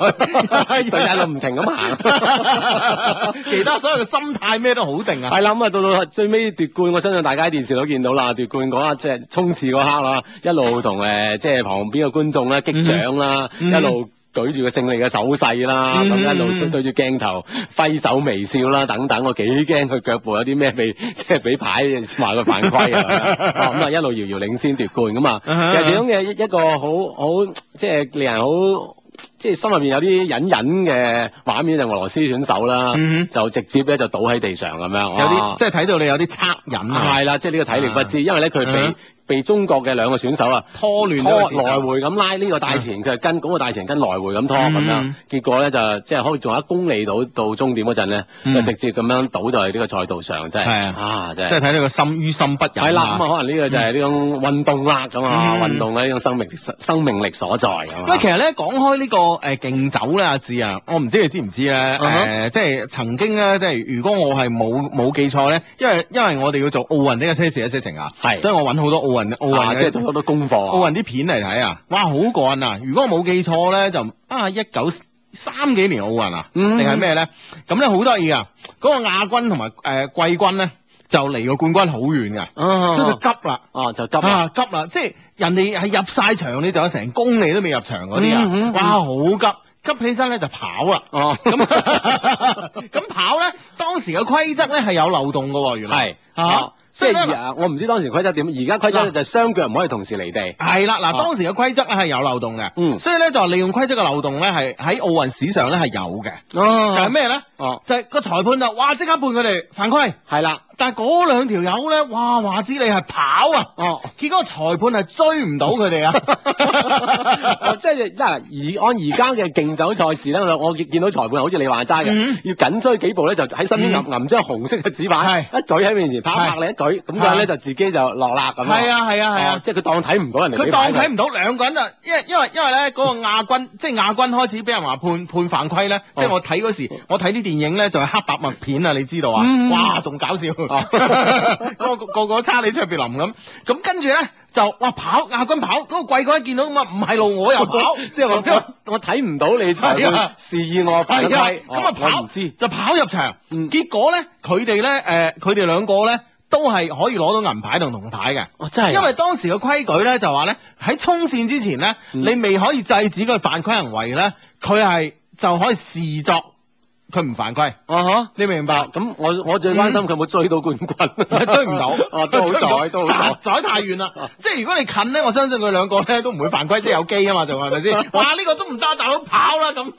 就一路唔停咁行。 其他所有嘅心態咩都好定啊！係啦，咁啊到到最尾奪冠，我相信大家喺電視都見到啦。奪冠嗰刻即係衝刺嗰刻啦，一路同誒即係旁邊嘅觀眾咧擊掌啦、嗯，一路。舉住個勝利嘅手勢啦，咁一路對住鏡頭揮手微笑啦，等等，我幾驚佢腳步有啲咩未，即係俾牌話佢犯規啊！咁 啊這樣、 哦、一路遙遙領先奪冠咁啊，uh-huh. 其實始終嘅一個好好即係令人好即係心入邊有啲隱隱嘅畫面就是、俄羅斯選手啦，uh-huh. 就直接咧就倒喺地上咁樣，有啲、啊、即係睇到你有啲惻隱啊，係啦、嗯，即係呢個體力不支，uh-huh. 因為咧佢俾。Uh-huh. 被中國嘅兩個選手啊拖亂，拖來回咁拉呢個大前，佢、嗯、係跟嗰、那個大前跟來回咁拖咁、嗯、樣，結果咧就即係可以仲有一公里到到終點嗰陣咧，就直接咁樣倒在呢個賽道上，真、就、係、是、啊、就是、即係睇呢個心於心不忍、啊。係啦，咁啊可能呢個就係呢種運動啦、啊，咁、嗯、啊運動嘅、啊、呢種生命生命力所在咁嘛、嗯。其實咧講開、這個呃、酒呢個誒競走咧，阿志啊，我唔知道你知唔知咧誒、嗯呃，即係曾經咧，即係如果我係冇冇記錯咧，因為因為我哋要做奧運呢個一些事一些情啊，係，所以我揾好多奧運。奧運、啊、即係仲好多功課啊！奧運啲片嚟睇啊！哇，好過癮啊！如果我冇記錯咧，就啊一九三幾年奧運啊，定係咩咧？咁咧好得意啊！嗰、嗯啊嗰個亞軍同埋誒季軍咧，就離個冠軍好遠嘅，所以就急啦，哦、啊啊、就急啦、啊，急啦！即係人哋係入晒場，你就有成公里都未入場嗰啲啊！哇，好、嗯、急，急起身咧就跑啦，哦咁咁跑咧，當時嘅規則咧係有漏洞噶，原來係吓。即係啊！我唔知當時規則點，而家規則咧就係雙腳唔可以同時離地。係、啊、啦，嗱，當時嘅規則咧係有漏洞嘅。嗯，所以咧就係利用規則嘅漏洞咧，係喺奧運史上咧係有嘅。哦、啊，就係咩咧？哦、啊，就係、是、個裁判就哇即刻判佢哋犯規。係啦，但係嗰兩條友咧，哇話知你係跑啊！哦、啊，結果裁判係追唔到佢哋啊！ 即係嗱，而按而家嘅競走賽事咧，我我見到裁判好似你話齋嘅，要緊追幾步咧就喺身邊揞揞張紅色嘅紙牌，一舉喺面前拍一拍你一舉。咁樣咧就自己就落啦咁樣？係啊係啊係啊，啊，啊，啊，即係佢當睇唔到人哋。佢當睇唔到兩個人啊，因為因為因為咧嗰個亞軍 即係亞軍開始俾人話判判犯規咧、嗯，即係我睇嗰時我睇啲電影咧就係、是、黑白默片啊，你知道啊、嗯？哇，仲搞笑咁我、哦、 個個，個，個差利卓別林咁咁、嗯、跟住咧就哇跑亞軍跑嗰、那個貴哥一見到咁啊唔係路我又跑， 即係我 我睇唔到你出示意我犯規咁啊，啊、嗯哦嗯、跑唔知就跑入場，嗯、結果咧佢哋咧佢哋兩個咧。都係可以攞到銀牌同銅牌嘅，因為當時嘅規矩咧就話咧喺衝線之前咧，你未可以制止佢犯規行為咧，佢係就可以視作佢唔犯規。啊你明白？咁我我最關心佢冇追到冠軍，追唔到、啊，都好在，都好在，太遠啦。即、啊、係、啊、如果你近咧，我相信佢兩個咧都唔會犯規，即係有機啊嘛，就係咪先？哇！呢、啊這個都唔得，大佬跑啦咁。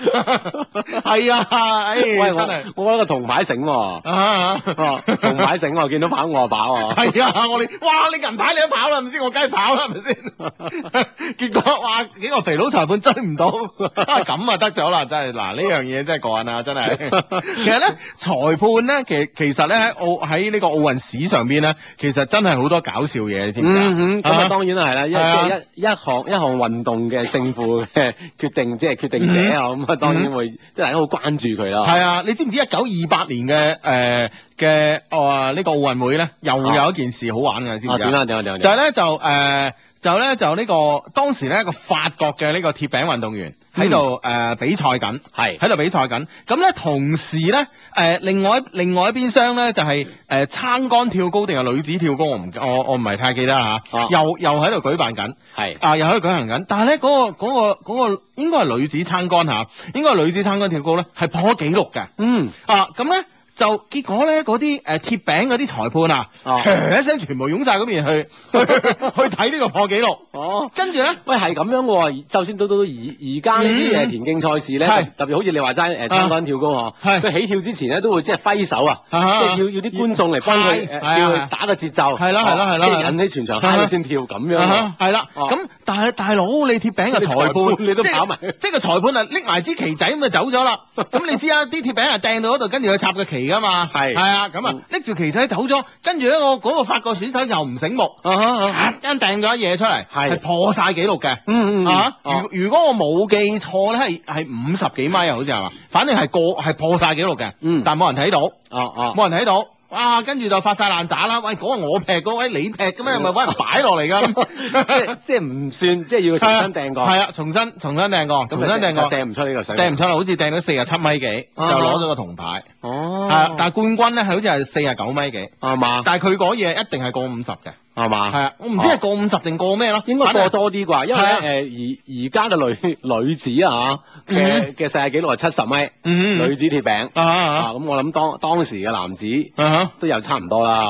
係 啊，哎，喂真我我攞個銅牌繩喎、啊，啊，銅、啊哦、牌繩我、啊、 見到跑我飽啊跑，係 啊，我你，哇你銀牌你都跑啦係咪先，我梗係跑啦係咪先，是是 結果哇幾個肥佬裁判追唔到，咁 啊就得咗啦真係、啊，嗱 呢樣嘢真係過癮啦真係，其實咧裁判咧其實其實咧喺奧喺呢奧個奧運史上邊咧，其實真係好多搞笑嘢添，咁、嗯、啊當然係啦，即係、啊啊、一一項一項運動嘅勝負嘅決定即係 決定者、嗯咁啊，當然會即係大家好關注佢啦。係啊，你知唔知一九二八年嘅誒嘅哦呢個奧運會咧，又有一件事好玩嘅，啊，知唔知啊？點啊？點啊？點啦，就係咧就誒。呃就咧就呢就、呢個當時咧一個法國嘅呢個鐵餅運動員喺度誒比賽緊，係喺度比賽緊，咁咧同時咧誒、呃、另外另外一邊廂咧就係誒撐桿跳高定係女子跳高我唔我我唔係太記得吓、啊啊，又又喺度舉辦緊，係啊又喺度舉行緊，但係咧嗰個嗰、嗰個嗰、嗰個應該係女子撐桿吓，應該係女子撐桿跳高咧係破咗紀錄嘅嗯啊咁咧。就結果咧，嗰啲誒鐵餅嗰啲裁判啊，一、啊、聲全部湧晒嗰邊去 去睇呢個破紀錄。哦、啊，跟住咧，喂係咁樣喎、啊。就算到到而而家呢啲誒田徑賽事咧、嗯，特別好似你話齋誒撐竿跳高呵，佢、啊啊啊、起跳之前咧都會即係、就是、揮手啊，即、就、係、是、要要啲觀眾嚟幫佢，要、啊、佢、啊、打個節奏，係啦係啦係啦，即係、啊就是、引起全場喊去先跳咁樣。係啦、啊，咁、啊啊啊啊嗯啊、但係大佬你鐵餅嘅裁判，你，判你都搞埋，即係個裁判啊拎埋支旗仔咁就走咗啦。咁、 嗯、你知啊，啲鐵餅啊掟到嗰度，跟住去插個旗。噶嘛，係係啊，咁啊拎住旗仔走咗，跟住咧我嗰個法國選手又唔醒目，一間掟咗嘢出嚟，係、uh-huh. 破晒紀錄嘅，啊、uh-huh. uh-huh.，如如果我冇記錯咧，係係五十幾米啊，好似係嘛，uh-huh. 反正係過係破晒紀錄嘅，uh-huh. 但係冇人睇到，哦、uh-huh. 冇人睇到。哇，跟住就發晒爛渣啦！喂，嗰、嗰個我劈，嗰、嗰、位、個、你劈咁咩？唔係搵人擺落嚟噶， 即係即唔算，即係要重新掟過。係啊，重新重新掟過，重新掟過掟唔出呢個水，掟唔出啦，好似掟到四十七米幾，啊、就攞咗個銅牌。哦、啊啊，但冠軍咧，好似係四十九米幾。啊嘛，但佢嗰嘢一定係過五十嘅。係嘛？係啊，我唔知係過五十定過咩咯、啊，應該過多啲啩，因為咧誒而而家嘅女女子啊嘅嘅、嗯、世界紀，紀錄係七十米、嗯，女子鐵餅啊咁、啊啊啊啊嗯、我諗當當時嘅男子啊都又差唔多啦。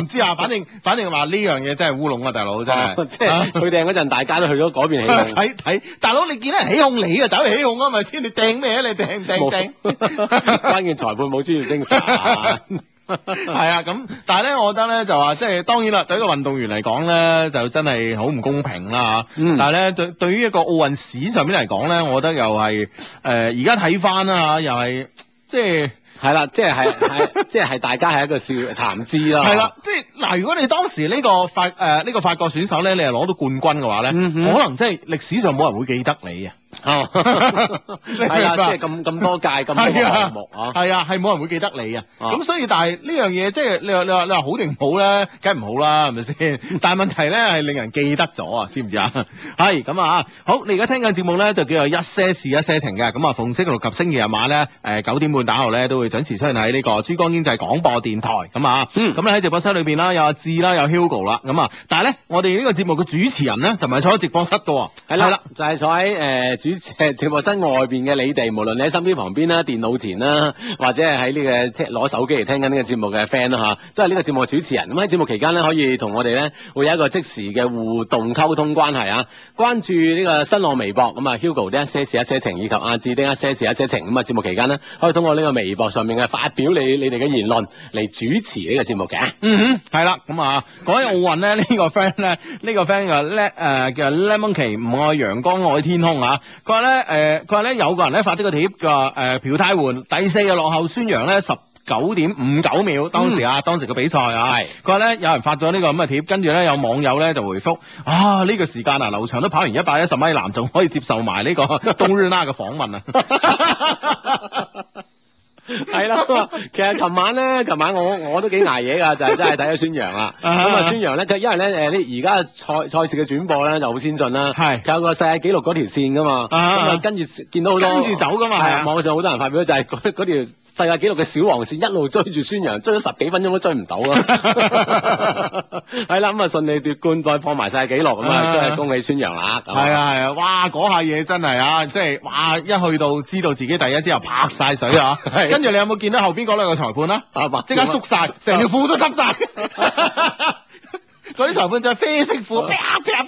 唔 知啊，反正反正話呢樣嘢真係烏龍啊，大、啊、佬真係、啊，即係佢掟嗰陣大家都去咗改變氣候。睇、啊、睇大佬，你見得人起哄你，就起你，你 啊，走起哄啊，咪先你掟咩啊？你掟掟掟，關鍵裁判冇專業精神。係 啊，咁但係咧，我覺得咧就話即係當然啦，對一個運動員嚟講咧就真係好唔公平啦吓、嗯。但係咧對對於一個奧運史上面嚟講咧，我覺得又係誒而家睇翻啦，又係即係係啦，即係係係即係係大家係一個談笑談之啦。係、就、啦、是，即係嗱，如果你當時呢個法誒呢、呃這個法國選手咧，你係攞到冠軍嘅話咧、嗯，可能即係歷史上冇人會記得你啊。哦， 係啊，即係咁咁多屆咁、 啊、多節目啊，係啊，係冇人會記得你啊，咁 所以但係呢樣嘢即係你話你話你話好定唔好咧，梗係唔好啦，係咪先？但係 問題咧係令人記得咗啊，知唔知啊？係 咁啊，好，你而家聽緊嘅節目咧就叫做一些事一些情嘅，咁啊，逢星期六及星期日晚咧，誒、呃、九點半打後咧都會準時出現喺呢個珠江經濟廣播電台咁啊，咁咧喺直播室裏邊啦，有阿志啦，有 Hugo 啦，咁啊，但係咧我哋呢個節目嘅主持人咧就唔係坐喺直播室嘅喎，係啦，係啦，就係、是、坐喺誒、呃、主。直播室外邊嘅你哋，無論你喺身邊旁邊啦、電腦前啦，或者係喺呢個攞手機嚟聽緊呢個節目嘅 friend 啦吓，都係呢個節目嘅主持人。咁喺節目期間咧，可以同我哋咧會有一個即時嘅互動溝通關係啊！關注呢個新浪微博，咁啊 Hugo 啲一些事一些情，以及阿志啲一些事一些情。咁啊節目期間呢，可以通過呢個微博上面嘅發表你你哋嘅言論嚟主持呢個節目嘅。嗯哼，係啦。咁、嗯、啊，講起奧運咧，這個、呢、這個 friend 咧，這個、呢個 friend 嘅 l e 誒叫 lemon 奇唔愛陽光愛天空，啊佢話咧，誒、呃，佢話咧有個人咧發咗個貼，佢話誒，朴泰桓第四嘅落後宣揚呢，孫楊咧十九點五九秒，當時啊，嗯、當時個比賽啊，係。佢話咧有人發咗呢個咁嘅貼，跟住咧有網友咧就回覆，啊呢、這個時間啊，劉翔都跑完一百一十米男仲可以接受埋呢個冬 o n 嘅訪問啊！ 係 啦，其實琴晚咧，琴晚我我都幾捱夜㗎，就係、是、真係睇咗孫楊啊。咁、uh-huh. 啊，孫楊咧，就因為咧，誒啲而家賽賽事嘅轉播咧就好先進啦。係，佢有個世界紀錄嗰條線㗎嘛。咁、uh-huh. 啊跟住見到好多跟住走㗎嘛。係啊，網上好多人發表就係、是、嗰條世界紀錄嘅小黃線一路追住孫楊，追咗十幾分鐘都追唔到。係、uh-huh. 啦， 咁啊順利奪冠再破埋世界紀錄咁啊，uh-huh. 都係恭喜孫楊啦。係、uh-huh. 啊，係 啊，哇！嗰下嘢真係啊，即係哇！一去到知道自己第一之後，拍晒水啊。 跟住你有冇見到後邊嗰兩個裁判，啊， 裁判啊？啊嘛，即刻縮晒，成條褲都濕曬。嗰啲裁判就係啡色褲，啪啪。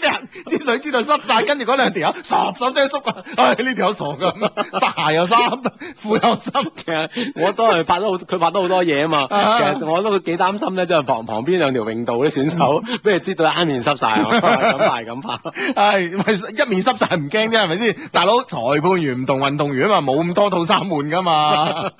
想知道濕晒，跟住嗰兩條友傻咗即係啊！唉，呢條友傻噶，濕鞋、哎、又衫，褲又濕。其實我都係拍咗好，佢拍咗好多嘢啊嘛、哎。其實我都幾擔心咧，即係旁旁邊兩條泳道嘅選手，不、嗯、如知道一面濕晒，咁排咁拍。唉、哎，一面濕晒唔驚啫，係咪先？大佬裁判員唔同運動員啊嘛，冇咁多套衫換噶嘛。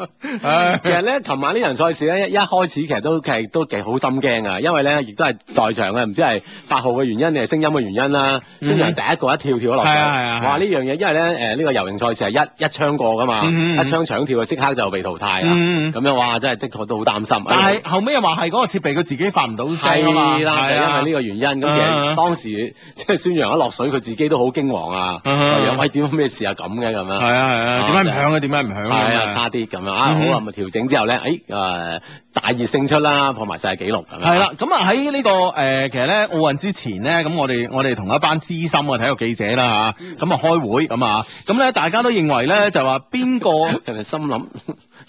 唉，其實咧，琴晚人賽呢輪賽事咧一開始其實都其實都幾好心驚啊，因為咧亦都係在場嘅，唔知係發號嘅原因定係聲音嘅原因啦。孫楊第一個一跳跳落水，嗯、哇！呢樣嘢，因為咧誒呢、呢個游泳賽事係一一槍過噶嘛，嗯嗯一槍搶跳啊，即刻就被淘汰啦。咁、嗯、樣哇，真係的，的確都好擔心。嗯、但係後尾又話係嗰個設備佢自己發唔到聲，係因為呢個原因。咁、嗯、其實當時、嗯、即係孫楊一落水，佢自己都好驚惶啊，話、嗯：喂點咩事啊咁嘅咁樣。係啊係啊，點解唔響啊？點解唔響啊？差啲咁、嗯、樣啊，好啊，咪調整之後咧、哎呃，大熱勝出啦，破埋曬紀錄咁樣。係啦，咁啊喺呢個、呃、其實咧奧運之前咧，咁我哋我哋同一班。資深啊，體育記者啦吓，咁啊開會咁啊，咁咧大家都認為咧就話邊個人哋心諗，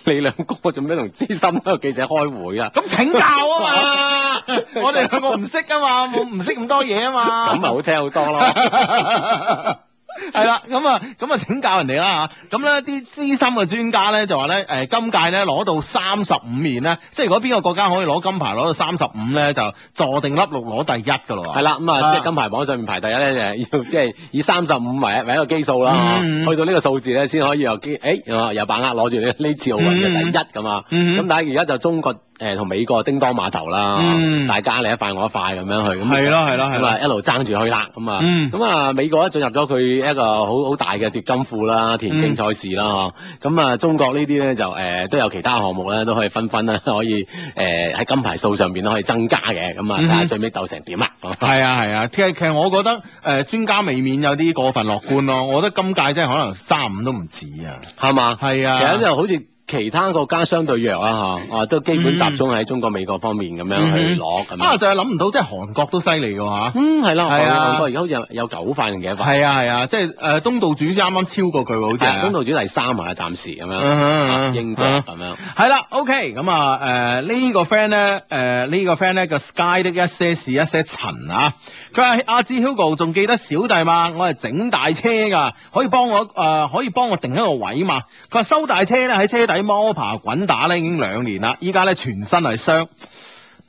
你兩個做咩同資深體育記者開會啊？咁請教啊嘛， 我哋兩個唔識啊嘛，唔唔識咁多嘢啊嘛，咁咪好聽好多咯。 係 啦，咁、嗯、啊，咁、嗯、啊、嗯，請教人哋啦吓，咁咧啲資深嘅專家咧就話咧，誒、欸，今屆咧攞到三十五年咧，即係如果邊個國家可以攞金牌攞到三十五咧，就坐定粒六攞第一噶咯。係啦，咁、嗯、啊、嗯嗯，即係金牌榜上面排第一咧，就即係以三十五為一個基數啦，嗯嗯，去到個數，呢個數字咧，先可以有機誒，有、欸、把握攞住呢呢次奧運嘅第一咁啊。咁、嗯嗯、但係而家就中國。誒同美國叮當碼頭啦，嗯、大家你一塊我一塊咁樣去，咁係咯係咯，咁啊一路爭住去啦，咁啊咁啊美國咧進入咗佢一個好好大嘅接金庫啦，田徑賽事啦，咁、嗯、啊、嗯、中國呢啲咧就誒、呃、都有其他項目咧都可以分分啦，可以誒喺、呃、金牌數上面都可以增加嘅，咁啊睇下最尾鬥成點啦。係、嗯、 啊係啊，其實我覺得誒、呃、專家未免有啲過分樂觀咯， 我覺得今屆真係可能三五都唔止啊，係嘛？係啊，其實就好似。其他國家相對弱啊啊都基本集中喺中國、嗯、美國方面咁樣去攞咁樣。啊，就係諗唔到，即係韓國都犀利㗎嚇。嗯，係啦，係啊，而家、啊、有，有九塊人嘅多塊？係啊係啊，即係誒東道主先啱啱超過佢喎，好似、啊啊。東道主第三啊，暫時咁、啊啊啊啊啊、樣。嗯嗯、啊 OK，嗯。英國咁樣。係啦，OK，咁啊誒呢個 friend 咧呢、呃這個 friend 咧叫、這個、Sky 的一些事一些塵啊，佢話阿志、啊、Hugo 仲記得小弟嘛，我係整大車㗎，可以幫我誒、呃、可以幫我定一個位嘛？佢話收大車咧喺車底。你摸爬滾打咧，已經兩年啦，依家咧全身係傷，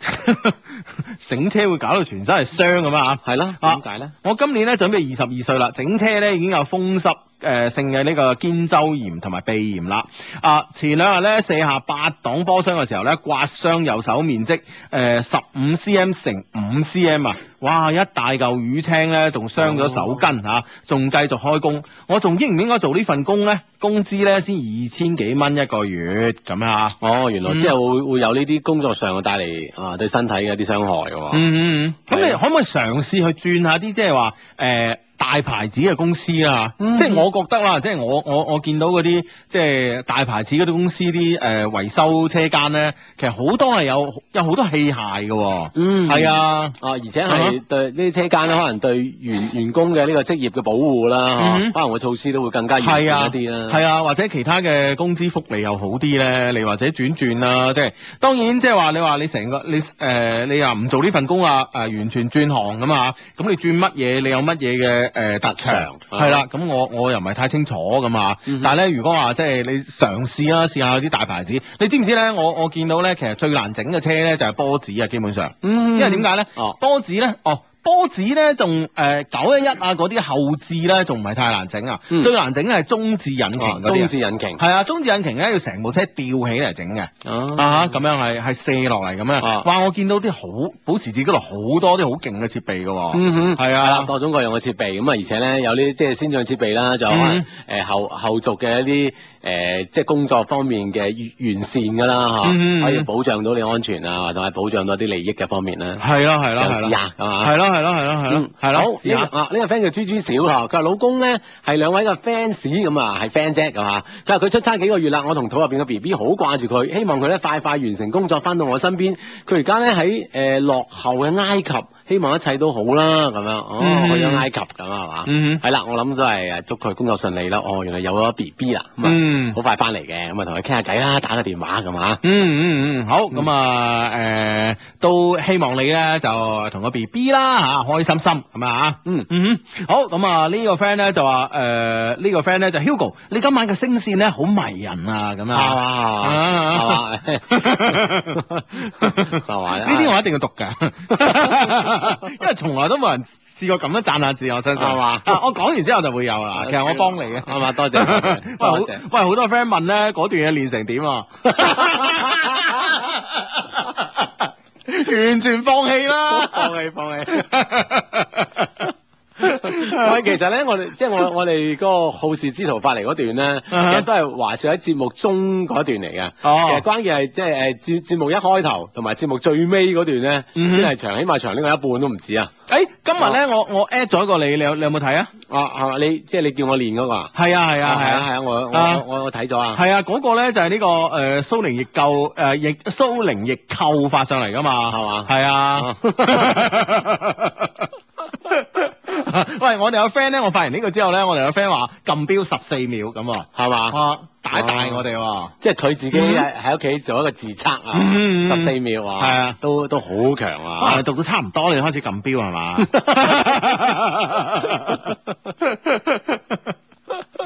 整車會搞到全身係傷咁啊，係啦，嚇，點解咧？我今年咧準備二十二歲啦，整車咧已經有風濕。誒、呃，性嘅呢個肩周炎同埋鼻炎啦。啊，前兩日咧四下八擋波箱嘅時候咧，刮傷右手面積誒十、呃、五 cm 乘五 cm 啊，哇，一大嚿淤青咧，仲傷咗手筋吓，仲、哦啊、繼續開工。我仲應唔應該做呢份工咧？工資咧先二千幾蚊一個月咁啊？哦，原來之後會、嗯、會有呢啲工作上帶嚟啊對身體嘅一啲傷害嘅。嗯嗯嗯，咁你可唔可以嘗試，試去轉下啲即係話誒？呃大牌子嘅公司啦、嗯，即係我覺得啦，即係我我我見到嗰啲即係大牌子嗰啲公司啲誒維修車間咧，其實好多係有有好多器械嘅喎，嗯，係啊，啊而且係對呢啲車間咧、啊，可能對員員工嘅呢個職業嘅保護啦、嗯嗯啊，可能會措施都會更加嚴一啲啦，係啊，啊，或者其他嘅工資福利又好啲咧，你或者轉轉啦，即係當然即係話你話你成個你誒、呃、你啊唔做呢份工啊，誒、呃、完全轉行咁啊，咁你轉乜嘢？你有乜嘢嘅？誒，特長係啦，咁、嗯、我我又唔係太清楚咁啊、嗯，但係咧，如果話即係你嘗試啦，試下啲大牌子，你知唔知咧？我我見到咧，其實最難整嘅車咧就係、是、波子啊，基本上，嗯、因為點解咧？哦，波子咧，哦。波子咧，仲誒九一一啊，嗰啲後置咧仲唔係太難整啊、嗯，最難整係中、哦、中置引擎，中置引擎係啊，中置引擎咧、啊、要成部車吊起嚟整嘅，啊咁樣係係卸落嚟咁樣。話、啊啊、我見到啲好保時捷嗰度好多啲好勁嘅設備嘅喎，係啊，各種各樣嘅設備咁啊，而且咧有啲即係先進設備啦，就誒、嗯嗯呃、後後續嘅一啲誒、呃、即係工作方面嘅完善㗎啦、嗯嗯嗯嗯、可以保障到你安全啊，同埋保障到啲利益嘅方面咧，係咯係咯係咯。係咯係咯係咯，係咯。呢、嗯啊啊這個呢個 friend 叫豬豬小嗬，佢話老公咧係兩位嘅 fans 咁啊，係 fans 係吓。佢話佢出差幾個月啦，我同肚入邊嘅 B B 好掛住佢，希望佢咧快快完成工作翻到我身邊。佢而家咧喺誒落後嘅埃及。希望一切都好啦，咁樣哦，嗯、去咗埃及咁啊嘛，係啦、嗯，我諗都係誒，祝佢工作順利啦。哦，原來有咗 B B 啦，咁、嗯、啊，好快翻嚟嘅，咁啊，同佢傾下偈啦，打個電話咁啊。嗯嗯嗯，好，咁、嗯、啊，誒，都、呃、希望你咧就同個 B B 啦吓，開心心，係咪？啊？心心嗯嗯，好，咁啊，呢、呃這個 friend 咧就話誒，呢個 friend 咧就 Hugo，你今晚嘅聲線咧好迷人啊，咁啊，係、啊、嘛，係、啊、嘛，呢、啊、啲 我一定要讀噶。 因為從來都冇人試過咁樣讚下自己，我相信係我講 完之後就會有啦。其實我幫你嘅係嘛？多謝。喂，好多 friend 問咧，嗰段嘢練成點啊？ 多謝 多謝 完全放棄啦！ 放棄放棄。 喂，其實咧， 我哋即係我我哋嗰個好事之徒發嚟嗰段咧，而、uh-huh. 家都係華少喺節目中嗰段嚟嘅。哦、uh-huh.。其實關鍵係即係節目一開頭同埋節目最尾嗰段咧，先、uh-huh. 係長，起碼長呢個一半都唔止啊。誒、欸，今日咧、uh-huh.，我我 at 咗一個你，你有你有冇睇啊？啊、uh-huh.，係嘛？你即係你叫我練嗰、那個啊？係啊，係、uh-huh. 啊，係啊，啊，我、uh-huh. 我我睇咗啊。係啊，嗰、那個咧就係呢、這個誒、呃、蘇寧易購誒易蘇寧易購發上嚟噶嘛，係嘛？係啊。 喂，我哋有 friend 咧，我發完呢個之後咧，我哋有 friend 話撳表十四秒咁，係嘛？啊，大大我哋，即係佢自己喺喺屋企做一個自測啊，嗯、十四秒啊，係啊，都都好強啊、哦，讀到差唔多你開始撳表係嘛？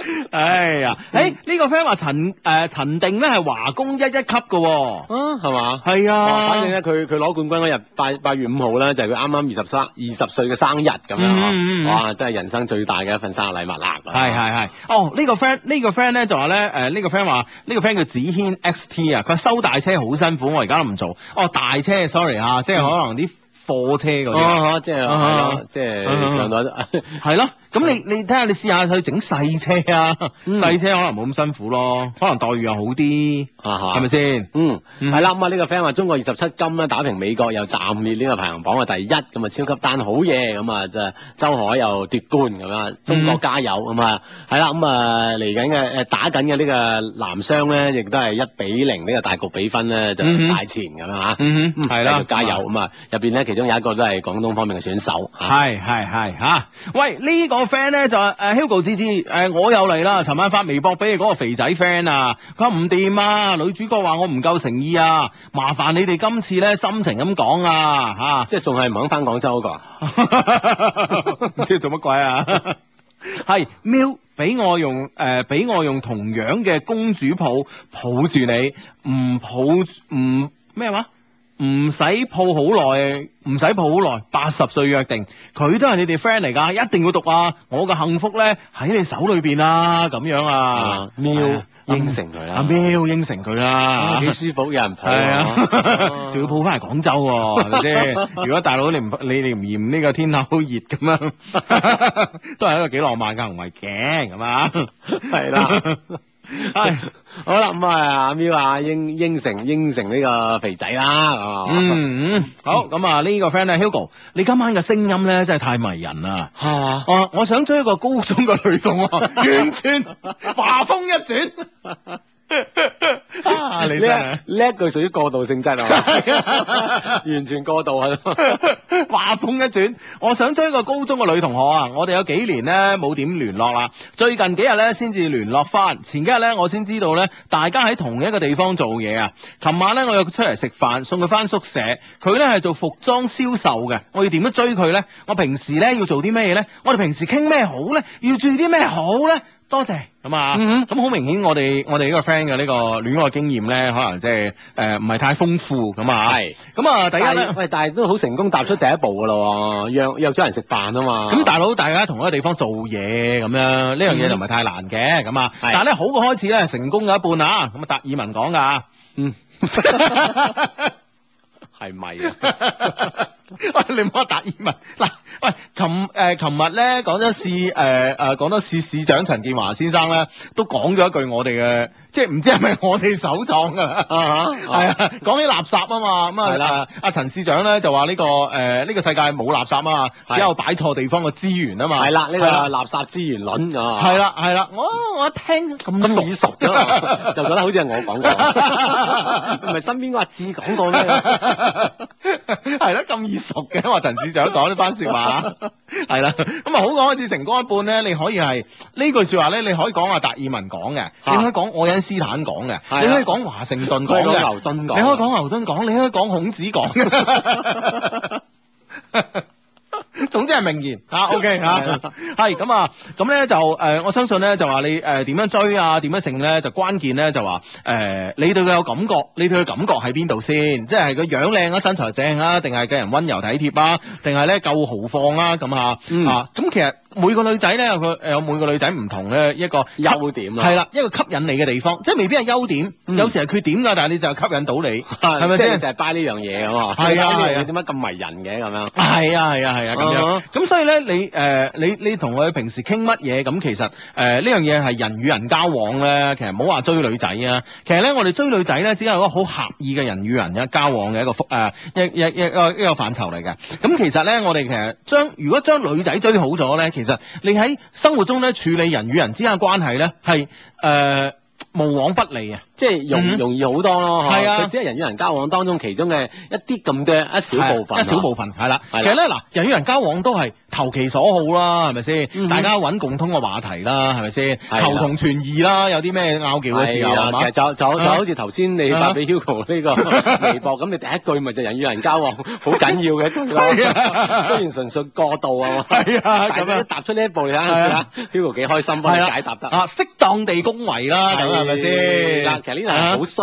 哎呀，誒、呢、呢個 friend 話陳誒、呃、陳定咧係華工一一級嘅、哦，嗯係嘛？係啊，反正咧佢佢攞冠軍嗰日八八月五號咧就係佢啱啱二十三、二十歲嘅生日咁樣嗬、嗯，哇真係人生最大嘅一份生日禮物啦。係係係，哦呢、呢個 friend 呢、呢個 friend 咧就話咧誒呢個 friend 話呢個 friend 叫子軒 X T 啊，佢收大車好辛苦，我而家都唔做。哦大車，sorry 啊，即係可能啲。貨車嗰啲，即係即係上台，係、啊、咯。咁、啊啊啊啊啊啊啊、你你睇下，你試下去整細車啊，細、嗯、車可能冇咁辛苦咯，可能待遇又好啲啊，係咪先？嗯，係、嗯、啦。咁、嗯、啊，呢、那個 friend 話中國二十七金咧打平美國，又暫列呢個排行榜嘅第一，咁啊超級單好嘢，咁啊就係周海又奪冠咁啊，中國加油咁啊。係、嗯、啦，咁啊嚟緊嘅打緊嘅呢個男雙咧，亦都係一比零呢個大局比分咧就大前咁啊嚇，嗯係、嗯、啦，加油咁啊入邊咧其。其中有一個都係廣東方面嘅選手，係係係嚇。喂，這個、呢個 friend 咧就係、是、誒、呃、Hugo 芝芝、呃，誒我又嚟啦。尋晚發微博俾你嗰個肥仔 friend 啊，佢話唔掂啊，女主角話我唔夠誠意啊，麻煩你哋今次咧心情咁講啊嚇、啊，即係仲係唔肯翻廣州、那個，唔 知做乜鬼啊。係 Miu 俾我用誒俾、呃、我用同樣嘅公主抱抱住你，唔抱唔咩、嗯、話？唔使抱好耐，唔使抱好耐。八十歲約定，佢都係你哋 friend 嚟噶，一定要讀啊！我嘅幸福咧喺你手裏邊、啊、啦，咁樣啊，喵、啊、應承佢啦，喵、啊、應承佢啦，幾、啊啊、舒服，有人抱啊，仲、啊、 要抱翻嚟廣州、啊，係咪先？如果大佬你唔你哋唔嫌呢個天口好熱咁樣， 都係一個幾浪漫嘅行為嘅，係嘛？係 啦、 啊。係， 好啦，咁啊阿 Miu 啊應應承應承呢個肥仔啦，啊，嗯嗯,嗯，好，咁啊呢個 friend 咧 Hugo，你今晚嘅聲音咧真係太迷人啦，吓， 啊，我想追一個高中嘅女童啊，完全話風一轉。 呢 呢、啊、一,一句屬於過渡性質啊， 完全過渡啊！話風一轉，我想追個高中嘅女同學啊，我哋有幾年咧冇點聯絡啦，最近幾日咧先至聯絡翻。前幾日咧我先知道咧，大家喺同一個地方做嘢啊。琴晚咧我約佢出嚟食飯，送佢翻宿舍。佢咧係做服裝銷售嘅，我要點樣追佢咧？我平時咧要做啲咩嘢咧？我哋平時傾咩好咧？要注意啲咩好咧？多謝，咁啊，咁、嗯、好、嗯、明顯我哋我哋呢個 friend 嘅呢個戀愛經驗咧，可能即係誒唔係太豐富，咁啊，係，咁啊第一喂，但係都好成功踏出第一步噶喇約約咗人食飯啊嘛，咁大佬大家同一個地方做嘢咁樣呢樣嘢就唔係太難嘅，咁、嗯嗯、啊，但係咧好嘅開始咧成功咗一半啊，咁啊達爾文講噶嗯，係 咪 是啊？ 喂 你唔好答英文嗱，喂，琴誒琴日咧廣州市誒誒廣州市市長陳建華先生咧都講咗一句我哋嘅，即係唔知係咪我哋首創噶，係啊，講、啊、起、啊、垃圾啊嘛，咁、嗯、啊，係、啊、啦，阿陳市長咧就話呢、這個誒呢、呃這個世界冇垃圾嘛啊，只有擺錯地方嘅資源啊嘛，係啦、啊，呢、啊這個垃圾資源論啊，係啦係啦，我我一聽咁耳熟，熟啊、 就覺得好似係我講， 講過、啊，唔係身邊個阿志講過咩？係啦咁。熟嘅，話陳市長講呢番説話，係 啦。咁、嗯、啊，好講一次成功一半咧，你可以係呢句説話咧，你可以講阿達爾文講嘅，你可以講愛因斯坦講嘅， 你可以講華盛頓講嘅，那個，你可以講牛頓講，你可以講孔子講嘅。 總之係名言 OK 啊，係、okay，咁啊，咁咧就誒，我相信咧就話你誒點樣追啊，點樣成咧就關鍵咧就話、是、誒、呃，你對佢有感覺，你對佢感覺喺邊度先？即係個樣靚啊，身材正啊，定係嘅人温柔體貼啊，定係咧夠豪放啊。咁啊、嗯、啊，咁、嗯嗯嗯、其實每個女仔咧有佢誒，有每個女仔唔同嘅一個優點啦、啊，係啦，一個吸引你嘅地方，即係未必係優點、嗯，有時係缺點噶，但係你就係吸引到你，係咪先？是是是就係 buy 呢樣嘢啊嘛？係啊係啊，點解咁迷人嘅咁樣？係啊係啊係啊。咁、哦、所以咧，你誒、呃、你你同佢平時傾乜嘢？咁其實誒呢、呃、樣嘢係人與人交往咧，其實唔好話追女仔啊。其實咧，我哋追女仔咧，只係一個好狹義嘅人與人嘅交往嘅一個覆一一一個，一個，一，個一個範疇嚟嘅。咁、嗯、其實咧，我哋其實將如果將女仔追好咗咧，其實你喺生活中咧處理人與人之間關係咧，係誒、呃、無往不利啊！即係容容易好、嗯、多咯、啊，係、啊、即係人與人交往當中其中嘅一啲咁嘅一小部分，一小部分係啦。其實咧，嗱人與人交往都係投其所好啦、啊，係咪先？大家搵共通嘅話題啦、啊，係咪先？求同存異啦，有啲咩拗撬嘅時候啊，啊，啊其實就就就好似頭先你發俾、啊、Hugo 呢個微博咁，你第一句咪就人與人交往好緊 要嘅、 啊，雖然純粹過度啊嘛。係啊，咁樣、啊、踏出呢一步嚟啦、啊、Hugo 幾開心幫你解答得啊，適、啊、當地恭維啦、啊，咁係咪先？其實呢啲係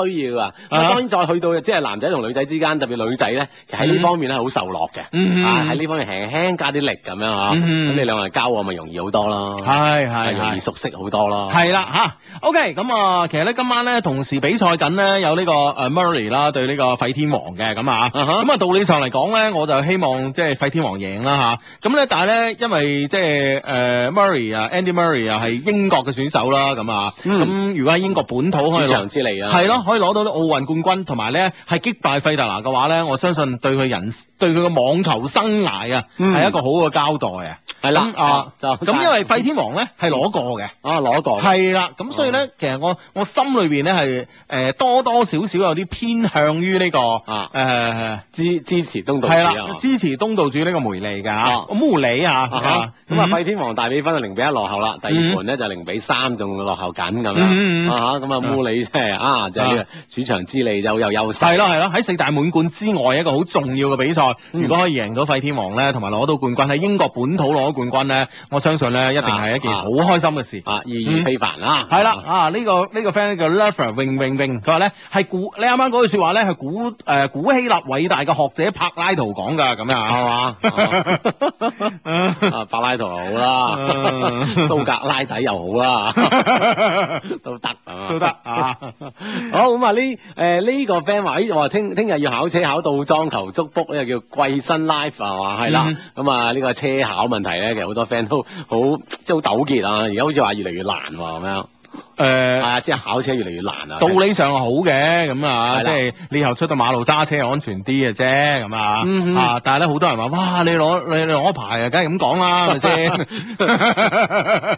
好需要啊！當然再去到即係男仔同女仔之間，啊、特別女仔咧，其實喺呢方面咧好受落嘅。嗯啊，喺呢方面輕輕加啲力咁樣啊，咁、嗯嗯、你兩個人交往咪容易好多咯。係係容易熟悉好多咯。係啦嚇。OK，咁、嗯、啊，其實咧今晚咧同時比賽緊咧有呢、這個、呃、Murray 啦對呢個費天王嘅咁啊。咁、嗯、啊、嗯、道理上嚟講咧，我就希望即係費天王贏啦吓，咁、嗯、咧，但係咧因為即係誒、呃、Murray 啊，Andy Murray 啊，係英國嘅選手啦咁啊。咁、嗯嗯、如果喺英國本土開係咯，可以攞到啲奧運冠軍，同埋咧係擊敗費達拿嘅話咧，我相信對佢人。對佢個網球生涯啊，係一個好嘅交代、嗯嗯的嗯嗯、 的啊。係啦，啊就咁因為費天王咧係攞過嘅，啊攞過係啦，咁所以咧、嗯、其實我我心裏邊咧係誒多多少少有啲偏向於呢、這個誒支支持東道主，係啦，支持東道主呢、啊、個梅利嘅吓。里啊咁、嗯、啊費、嗯、天王大分比分零比一落後啦，第二盤咧就零比三仲落後緊咁啦，咁、嗯嗯、啊冇理即、就、係、是、啊即係主場之利又又又優勢。係咯係咯，喺四大滿貫之外一個好重要嘅比賽。如果可以贏到費天王咧，同埋攞到冠軍喺英國本土攞到冠軍咧，我相信咧一定係一件好開心嘅事，啊意義、啊、非凡啊！係、嗯、啦，啊，、嗯啊這個、fanater, 用用呢個呢個 friend 咧叫 Lover，永永永，佢話咧係古你啱啱嗰句説話咧係古誒古希臘偉大嘅學者柏拉圖講㗎，咁樣嚇係嘛？啊柏、啊啊啊啊啊啊啊、拉圖又、啊嗯啊、好啦，蘇格拉底又好啦，都得，都得 啊！好咁啊呢誒呢個 friend 話誒話聽聽日要考車考到裝球祝福咧，叫。貴新 life 啊，係啦，咁啊呢個車考問題咧，其實好多 friend 都好即係好糾結啊，而家好似話越嚟越難咁樣。誒、呃，啊，即係考車越嚟越難啊。道理上係好嘅，咁啊，即係以後出到馬路揸車又安全啲嘅啫，咁啊、嗯，啊，但係咧好多人話，哇，你攞你你攞牌啊，梗係咁講啦，係咪先？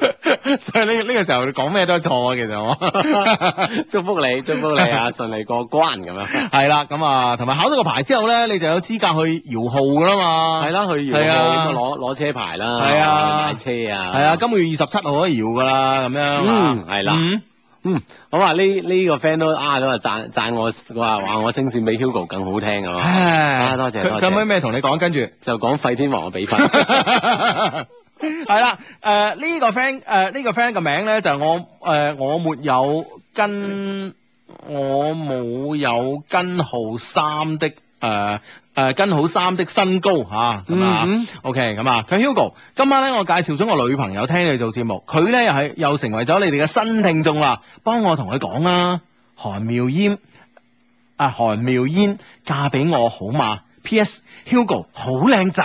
所以呢呢個時候你講咩都係錯啊，其實我 祝福你，祝福你啊，順 利過關咁樣。係啦，咁啊，同埋考咗個牌之後咧，你就有資格去搖號噶啦嘛。係啦，去搖號咁啊，攞攞車牌啦，係啊，買車啊。係啊，今個月二十七號可以搖噶啦，咁樣嗯，嗯，係啦。嗯，好啊，呢呢、這個 friend 都啊都係讚讚我，話話我聲線比 Hugo 更好聽啊。唉啊，多謝多謝，咁有咩同你講？跟住就講廢天王嘅比分。 係 啦，誒、呃、呢、這個 friend 誒呢個 friend 嘅名咧就係我誒、呃、我沒有跟我冇有跟根號三的誒誒、呃、跟根號三的身高吓，咁啊 OK 咁啊，佢、啊 mm-hmm. okay, 啊、Hugo，今晚咧我介紹咗我女朋友聽你做節目，佢咧又係又成為咗你哋嘅新聽眾啦，幫我同佢講啊，韓妙嫣啊，韓妙嫣嫁俾我好嘛？PS，Hugo 好靚仔。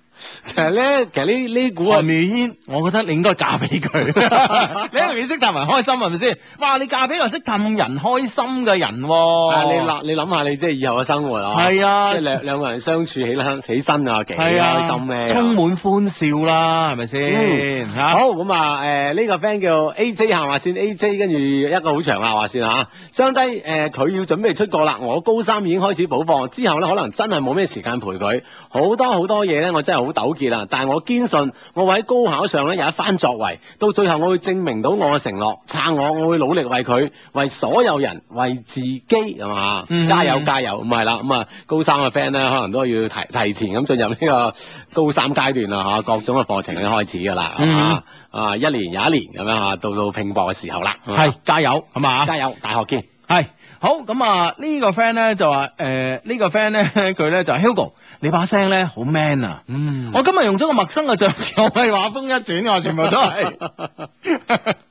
其實咧，其實呢呢股啊，妙煙，我覺得你應該嫁俾佢。 你係咪識氹人開心係咪先？哇！你嫁俾個識氹人開心嘅人喎。你諗你諗下，你即係以後嘅生活啊，啊，你想想你即係、啊、兩兩個人相處起身起身啊，幾啊啊開心咧、啊，充滿歡笑啦，係咪先？好咁啊，誒、嗯、呢、嗯嗯嗯嗯嗯呢個 friend 叫 A J 下劃線，A J 跟住一個好長下劃線啊。相低誒，佢、嗯、要準備出國啦，我高三已經開始補課，之後咧可能真係冇咩時間陪佢，好多好多嘢咧，我真係好糾結啦，但係我堅信我會喺高考上咧有一番作為，到最後，我會證明到我嘅承諾。撐我，我會努力為佢，為所有人，為自己，係嘛？mm-hmm. 加油加油，唔係啦，咁啊，高三嘅 friend 咧可能都要提提前咁進入呢個高三階段啦，吓，各種嘅課程已經開始噶啦，啊、mm-hmm.，一年又一年咁樣吓，到到拼搏嘅時候啦。係，加油，係嘛？加油，大學見。係，好咁啊，呢個 friend 咧、呃呢個 friend 咧就話，誒，呢個 friend 咧佢咧就係 Hugo。你把聲咧好 man 啊、嗯！我今日用咗個陌生嘅著， 我哋畫風一轉，我全部都係。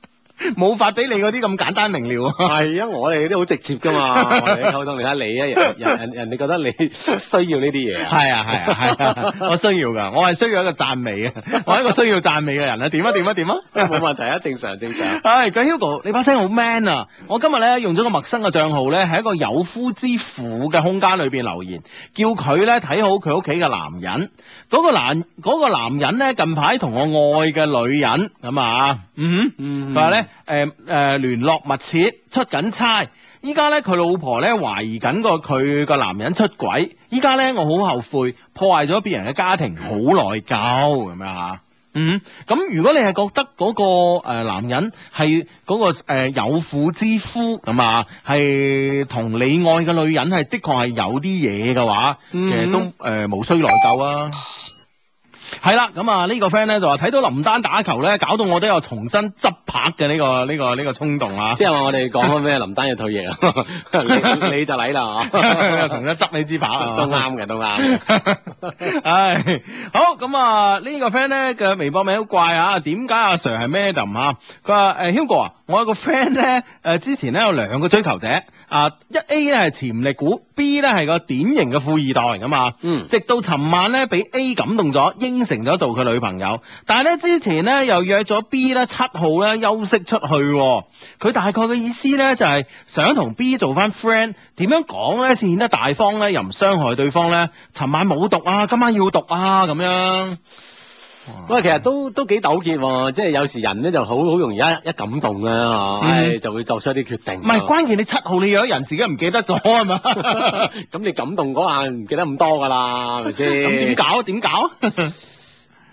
冇法俾你嗰啲咁簡單明瞭啊！ 係啊，我哋啲好直接噶嘛， 我哋溝通。你睇你啊 人，人，人，人，你覺得你需要呢啲嘢係啊，係 啊，係啊，啊，啊，啊，我需要噶，我係需要一個讚美啊， 我係一個需要讚美嘅人啊！點啊，點啊，點啊，冇問題啊，正常，正常。唉、 哎，佢 Hugo，你把聲好 man 啊！我今日咧用咗個陌生嘅帳號咧，喺一個有夫之婦嘅空間裏面留言，叫佢咧睇好佢屋企嘅男人。嗰、嗰個男，嗰、嗰個、男人咧近排同我愛嘅女人咁啊，嗯咧。 誒、呃、誒，聯、呃、絡密切，出緊差，依家咧佢老婆咧懷疑緊個佢個男人出軌，依家咧我好後悔，破壞咗別人嘅家庭，好內疚咁樣吓。嗯，咁、嗯、如果你係覺得嗰個誒男人係嗰、嗰個誒、呃、有婦之夫，係、嗯、嘛，係同你愛嘅女人係的確係有啲嘢嘅話、嗯，其實都誒、呃、無需內疚啊。係啦，咁啊呢個 friend 咧就話睇到林丹打球咧，搞到我都有重新執拍嘅呢個呢個呢個衝動啊。即係我哋講咩林丹要退役啊，你就嚟啦嗬， 又重新執你支拍 都啱嘅，都啱嘅。唉， 好，咁啊呢個 friend 咧嘅微博名好怪啊，點解阿 Sir 係 madam 啊？佢話誒，Hugo 啊，我有個 friend 咧，誒之前咧有兩個追求者。啊，一 A 咧係潛力股，B 咧係個典型嘅富二代噶嘛。嗯，直到尋晚咧，俾 A 感動咗，應承咗做佢女朋友。但係咧之前咧，又約咗 B 咧七號啦休息出去。佢大概嘅意思咧就係想同 B 做翻 friend。點樣講咧，先顯得大方咧，又唔傷害對方咧？尋晚冇讀啊，今晚要讀啊，咁樣。喂，其實都都幾糾結喎，即係有時人咧就好好容易一一感動啊、mm-hmm.，唉就會作出一啲決定。唔係關鍵，你七號你約咗人，自己唔記得咗係嘛？咁 吧 你感動嗰下，唔記得咁多㗎啦，係咪先？咁點搞？點搞？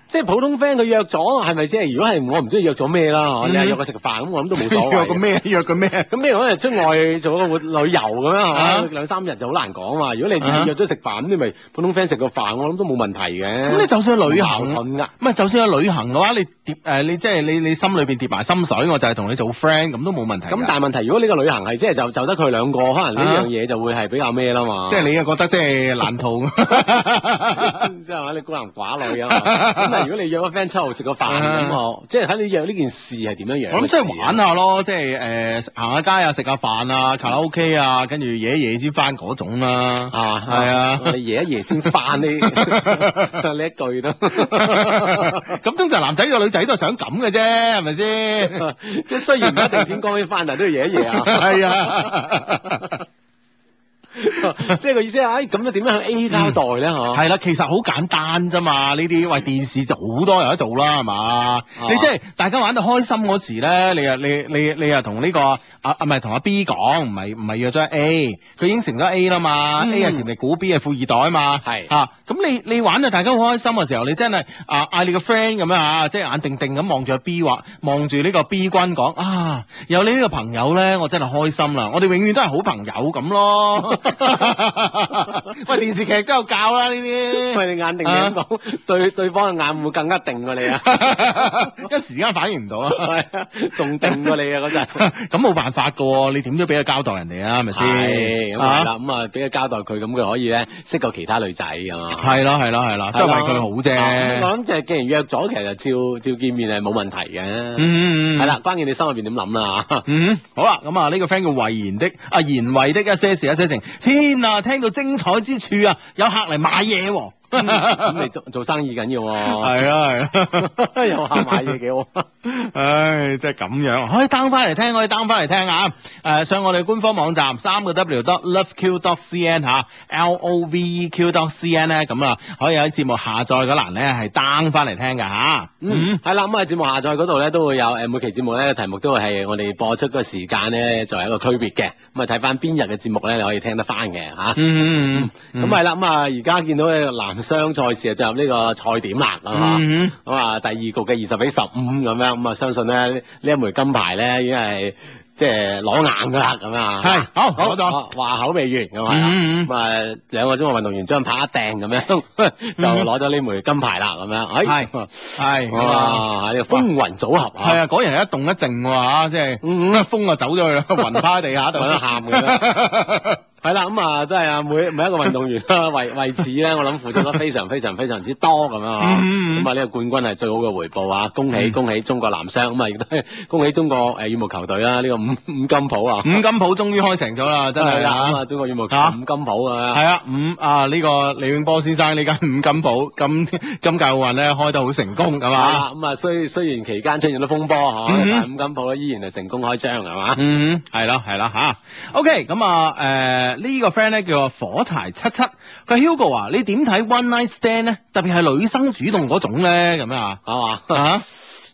即係普通 friend 佢約咗係咪先？如果係我唔知約咗咩啦，又、嗯、係約佢食飯咁，我諗都冇所謂。約個咩？約個咩？咁你可能出外做個活旅遊咁樣係嘛？兩三日就好難講嘛。如果你自己約咗食飯咁，你 咪普通 friend 食個飯，我諗都冇問題嘅。咁你就算去旅行團㗎，唔係就算去旅行嘅話，你。誒、呃、你即係你你心裏面疊埋心水，我就係同你做 friend 咁都冇問題、啊。咁但係問題，如果呢個旅行係即係就是、就得佢兩個，可能呢樣嘢就會係比較咩啦嘛。即、啊、係、就是、你又覺得即係難逃， 即係你孤男寡女啊。咁但如果你約個 friend 出嚟食個飯咁好？即係睇你約呢件事係點樣約、啊。咁即係玩下咯，即係誒行下街啊，食下飯啊，卡拉 O、OK、K 啊，跟住夜一夜先翻嗰種啦、啊。啊，係啊，夜一夜先翻呢？ 一句咯、 啊。咁通常男仔約女仔。睇都想咁嘅啫，係咪先？即 係雖然唔一定點講起翻嚟， 都要夜一夜啊。係 是啊。 即係個意思哎，咁點點樣去 A 交代咧？哦、嗯，係啦，其實好簡單啫嘛！呢啲喂電視就好多人做啦，係嘛、啊？你即係大家玩到開心嗰時咧，你又你你你又同呢個啊啊唔係同阿 B 講，唔係唔係約咗 A，佢已經成咗 A 啦嘛？A 係前面估 B 係富二代啊嘛？係啊，咁你你玩到大家好開心嘅時候，你真係啊嗌你，你，你、你個 friend 咁樣啊，A，嗯、啊即係、啊、眼定定咁望住阿 B 話，望住呢個 B 君講啊，有你呢個朋友咧，我真係開心啦！我哋永遠都係好朋友咁咯～ 喂，電視劇都有教啦呢啲。喂， 你眼定定到，啊、 對對方嘅眼會更加定過你啊！ 一時間反應唔到啊，仲 定過你啊嗰陣。咁 冇 辦法噶，你點都俾佢交代人哋啊，係咪先？係、啊、啦，咁啊俾佢交代佢，咁佢可以咧識個其他女仔 啊嘛。係啦、啊，係啦、啊，係啦、啊啊，都係為佢好啫。我諗就係既然約咗，其實照照見面係冇問題嘅。嗯係啦，關鍵你心入邊點諗啊？ 嗯、好啦、啊，咁啊呢個 friend 叫魏然的，阿、啊、然慧的一些事一些情。 天啊！聽到精彩之處啊，有客嚟買嘢啊。咁、 嗯、你做做生意緊要喎，係啊係啊，啊啊 又話買嘢幾好，啊，唉、 哎，即係咁樣，可以 down 翻嚟聽，可以 down 翻嚟聽啊，誒、呃，上我哋官方網站三個 W dot loveq dot cn 吓，L O V E Q dot c n 咧，咁啊，啊，可以喺節目下載嗰欄咧係 down 翻嚟聽噶吓，啊，嗯，係、嗯、啦，咁喺、嗯、節目下載嗰度咧都會有，誒，每期節目咧題目都係我哋播出個時間咧作為一個區別嘅，咁啊睇翻邊日嘅節目咧你可以聽得翻嘅吓，嗯嗯 嗯，咁係啦，咁啊而家見到嘅男。雙賽事啊，進入呢個賽點啦，咁啊，第二局嘅二十比十五咁樣，咁啊，相信咧呢一枚金牌咧已經係即係攞硬噶啦，咁啊，係好，好，話口未完咁啊，咁啊，兩個中國運動員將拍一掟咁樣，就攞咗呢枚金牌啦，咁樣，係係，哇，風雲組合，係啊，嗰人一動一靜喎，吓，即係風就走咗去啦，雲趴喺地下度都喊嘅。係啦，咁、嗯、啊，真係啊，每每一個運動員為 為此咧，我諗付出得非常非常非常之多咁樣啊。咁、嗯、啊，呢、嗯嗯這個冠軍係最好嘅回報啊！恭喜、嗯、恭喜中國男雙咁啊、嗯，恭喜中國誒、呃、羽毛球隊啦！呢、這個五五金鋪啊，五金鋪終於開成咗啦，真係啦！咁啊、嗯，中國羽毛球五金鋪啊，係啊，五、嗯、啊呢、這個李永波先生呢間五金鋪，咁今，今屆奧運咧開得好成功，係、嗯、嘛？咁啊，嗯、雖雖然期間出現咗風波、嗯、但五金鋪咧依然係成功開張，係嘛、啊？嗯，係啦係啦吓。OK，咁、嗯、啊，誒。呢、這個 friend 咧叫做火柴七七，佢 Hugo 啊，你點睇 one night stand 咧？特別係女生主動嗰種咧，咁樣啊，係嘛？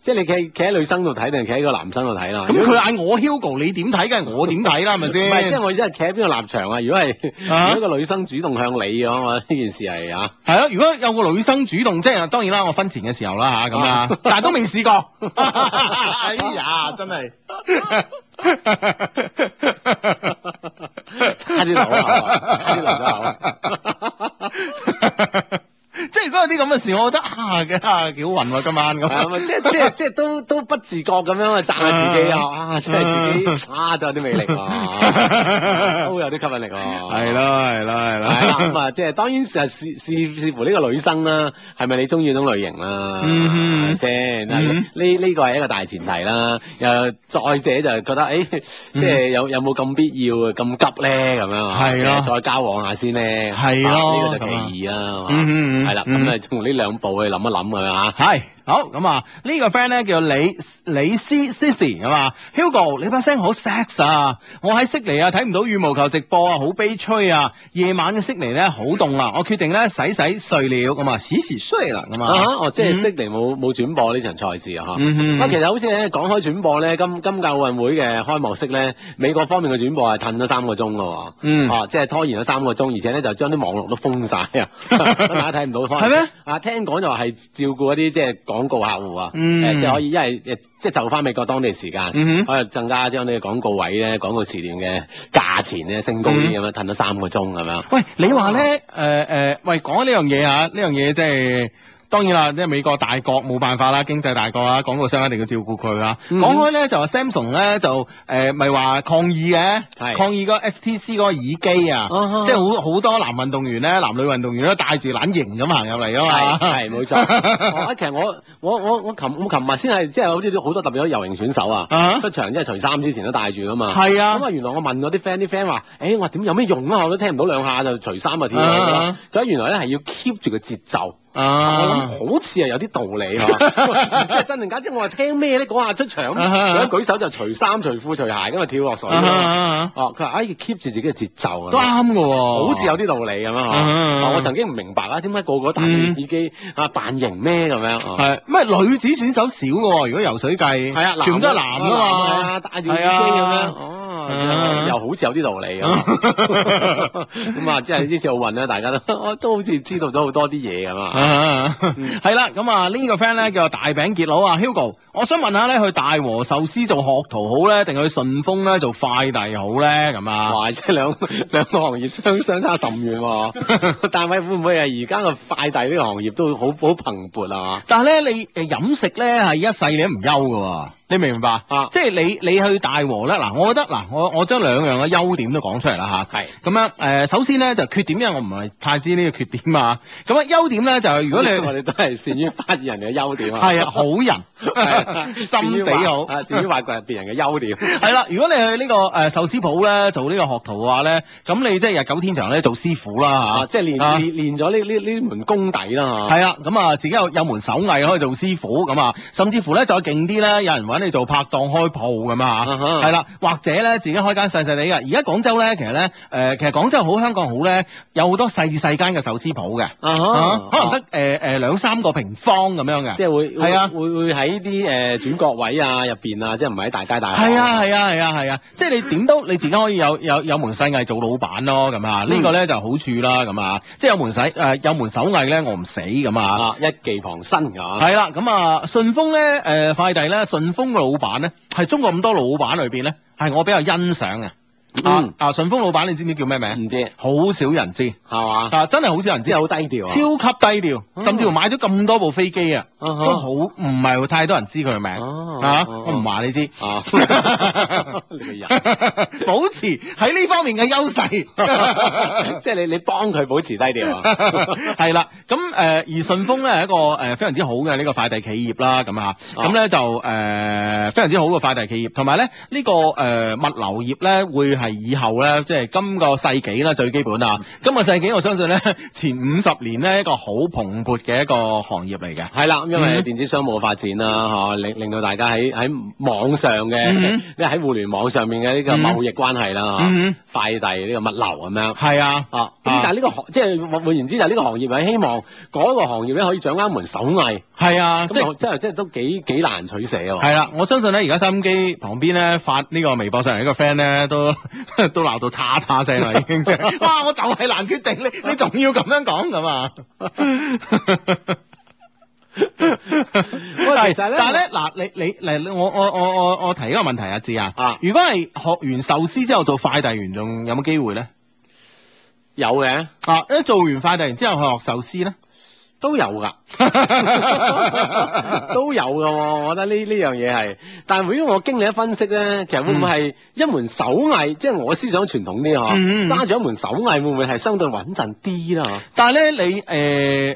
即係你企企喺女生度睇定企喺個男生度睇啦。咁佢嗌我 Hugo，你點睇，梗係我點睇啦？係咪先？唔係，即係我意思係企喺邊個立場啊？如果係、啊、如果個女生主動向你咁嘛，呢件事係啊，係啊！如果有個女生主動即係當然啦，我婚前嘅時候啦吓，咁啊， 但係都未試過。 哎呀，真係 差啲流流啊！差啲流咗口。 差流 即係如果有啲咁嘅事，我覺得啊嘅啊，幾好運喎，今晚咁，即即係即都都不自覺咁樣啊讚下自己 啊，真係自己啊都有啲魅力喎，都有啲、啊、 吸引力喎。係咯係咯係咯。係啦咁啊，即係、嗯嗯、當然係視視、視乎呢個女生啦，係咪你中意種類型啦、啊？係咪先？呢呢個係一個大前提啦。又再者就覺得誒，即、哎、係有有冇咁必要啊？咁急咧咁樣係咯，再交往下先咧。係咯，呢、啊呢個就其二啦。嗯係啦，咁、嗯、誒，從呢兩步去諗一諗㗎嚇。好咁啊，個呢個 friend 咧叫李李斯斯士係嘛？Hugo，你把聲好 sex 啊！我喺悉尼啊，睇唔到羽毛球直播啊，好悲催啊！夜晚嘅悉尼咧好凍啊。我決定咧洗洗睡了咁啊，此時雖然冷咁啊，哦、啊啊啊啊，即係悉尼冇冇轉播呢場賽事啊嚇、嗯嗯。啊，其實好似咧講開轉播咧，今今屆奧運會嘅開幕式咧，美國方面嘅轉播係褪咗三個鐘噶喎。嗯，哦、啊，即係拖延咗三個鐘，而且咧就將啲網絡都封晒 啊，大家睇唔到。係咩？啊，聽講就話係照顧一啲即係。廣告客戶啊，誒、嗯，即、呃、係可以一係，誒，即係就翻美國當地時間，可、嗯、以增加將呢個廣告位咧、廣告時段嘅價錢咧升高啲咁樣，褪、嗯、咗三個鐘咁樣。喂，你話咧誒，誒、嗯呃呃，喂講呢樣嘢啊呢樣嘢即係。當然啦，即係美國大國冇辦法啦，經濟大國啊，廣告商一定要照顧佢、嗯呃、啊。講開咧就話 Samsung 咧就誒咪話抗議嘅，係抗議個 S T C 嗰個耳機啊，uh-huh. 即係好好多男運動員咧，男女運動員都戴住懶型咁行入嚟噶嘛。係冇錯。其 實我我我我琴我琴日先係即係好似好多特別多游泳選手啊、uh-huh. 出場，即係除衫之前都戴住噶嘛。係啊。咁啊，原來我問我啲 friend 啲 friend 話，誒我話點有咩用啊？我都聽唔到兩下就除衫啊點解？咁、uh-huh. 原來咧係要 keep 住個節奏。啊、uh！ 我諗好似係有啲道理喎。唔知係真定假？即我係聽咩咧？講下出場咁，佢、uh-huh. 一舉手就除衫、除褲、除鞋咁啊，跳落水啦！佢話：以 keep 住自己嘅節奏啊！啱嘅喎，好似有啲道理咁、uh-huh. 啊！我曾經唔明白啊，點解個個戴住耳機啊扮型咩咁樣？係、啊、咩、uh-huh. 女子選手少喎？如果游水計，係啊，全部都係男嘅嘛、啊，戴住耳機咁樣又好似有啲道理咁咁啊，即係呢次奧運咧，大家都都好似知道咗好多啲嘢咁啊！啊、 嗯，係 啦，咁啊，呢個 friend 咧叫大餅杰佬啊，Hugo，我想問下咧，去大和壽司做學徒好咧，定去順豐咧做快遞好咧咁啊？ 哇，或者兩兩個行業相相差甚遠喎， 但係會唔會係而家個快遞呢個行業都好好蓬勃啊？但係咧，你誒飲食咧係一世你都唔休㗎喎、啊。你明唔明白啊？即係你你去大和咧嗱、啊，我覺得嗱、啊，我我將兩樣嘅優點都講出嚟啦吓，係咁樣誒，首先咧就是、缺點，因為我唔係太知呢個缺點嘛啊。咁啊，優點咧就係、是、如果你我哋都係善於發人嘅優點、啊，係 啊，好人、啊、 心地好，善於挖掘人別人嘅優點，係 啦、啊。如果你去、這個呃、壽呢個誒壽司鋪咧做呢個學徒嘅話咧，咁你即係日久天長咧做師傅啦吓、啊，即係練練練咗呢呢呢門功底啦、啊、嘛，係、啊、啦，咁啊，啊自己有有門手藝可以做師傅咁啊，甚至乎咧再勁啲咧，有人搵。等你做拍檔開鋪咁啊，係、uh-huh. 啦，或者咧自己開間細細哋㗎。而家廣州咧，其實咧，誒、呃，其實廣州好，香港好咧，有好多細細間嘅壽司鋪嘅、uh-huh. 啊，可能得誒誒兩三個平方咁樣嘅，即係會係啊，會會喺啲誒轉角位啊入邊啊，即係唔係喺大街大巷。係啊，係啊，係啊，係啊，即係你點都你自己可以有有有門世藝做老闆咯，咁、嗯、啊，這個、呢個咧就是、好處啦，咁啊，即係有門使誒、呃、有門手藝咧，我唔死咁啊，uh-huh. 一技傍身㗎。係啦，咁啊，順豐咧誒快遞咧，順豐。中國老闆咧，係中國咁多老闆裏邊咧，係我比較欣賞嘅。嗯、啊啊！順豐老闆你知唔知叫咩名？唔知，好少人知，係嘛？啊，真係好少人知，好低調、啊，超級低調，嗯、甚至乎買咗咁多部飛機啊，uh-huh. 都好唔係太多人知佢嘅名、uh-huh. 啊！我唔話你知，啊、uh-huh. 保持喺呢方面嘅優勢， 即係你你幫佢保持低調、啊，係 啦。 咁誒而順豐咧係一個誒非常之好嘅呢個快遞企業啦，咁啊，咁咧就誒非常之好嘅快遞企業，同埋咧呢、呢個誒、呃、物流業咧會係係以後咧，即係今個世紀啦，最基本啊。今個世紀我相信咧，前五十年咧，一個好蓬勃嘅一個行業嚟嘅。係啦，因為電子商務嘅發展啦、啊，嚇、嗯、令令到大家喺喺網上嘅，即係喺互聯網上面嘅呢個貿易關係啦、啊，嚇、嗯啊、快遞呢個物流咁樣。係啊，啊咁但係、這、呢個行、啊，即係換言之，就呢個行業又希望嗰個行業咧可以掌握一門手藝。係啊，嗯、即係即係即係都幾幾難取捨啊。係啦、啊，我相信咧，而家收音機旁邊咧發呢個微博上嚟呢個 friend 咧都。 都鬧到叉叉聲啦，已經係。哇！我就係難決定， 你你仲要咁樣講咁啊？但係咧，但咧，嗱，你你嚟我我我我我提一個問題啊，志啊，啊，如果係學完壽司之後做快遞員，仲有冇機會咧？有嘅啊！一、啊、做完快遞員之後去學壽司咧？都有噶 都有噶，我覺得呢呢樣嘢係。但係如果我經歷一分析咧，其實會唔會係一門手藝？嗯、即係我思想傳統啲嚇，揸、嗯、住一門手藝會唔會係相對穩陣啲啦？嗯、但係咧，你誒。呃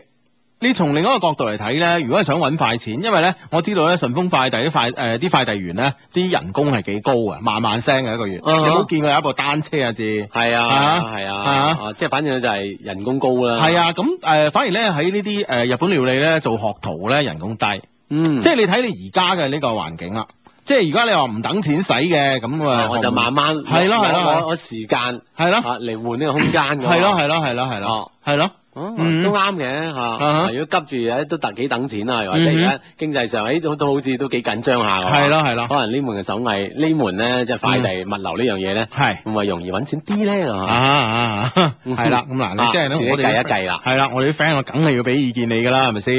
你從另一個角度嚟睇咧，如果係想揾快錢，因為咧我知道咧順豐快遞啲快誒啲、呃、快遞員咧啲人工係幾高啊，慢慢升嘅一個月一。有、uh-huh. 冇見過有一部單車啊？知，係啊係啊，啊，即係反正就係人工高啦。係、yeah, 啊，咁、呃、誒反而咧喺呢啲誒日本料理咧做學徒咧人工低。嗯、mm.，即係你睇你而家嘅呢個環境啦，即係而家你話唔等錢使嘅咁啊，我就慢慢係咯係咯，我是我，是我時間係咯啊嚟換呢個空間㗎。係咯係咯係咯係咯，係咯。係咯都啱嘅嚇。如果急住，都特幾、啊啊啊、等錢啊。係嘛。而家經濟上，哎、都，都好似都幾緊張下。係咯係咯，可能呢門嘅手藝，門呢門咧即係快遞、嗯、物流呢樣嘢咧，會唔會容易搵錢啲咧？啊、嗯、啊，係、啊、啦，咁、啊、難，你即係咧自己計一計啦。係啦，我哋啲 friend 我梗係要俾意見你噶啦，係咪先？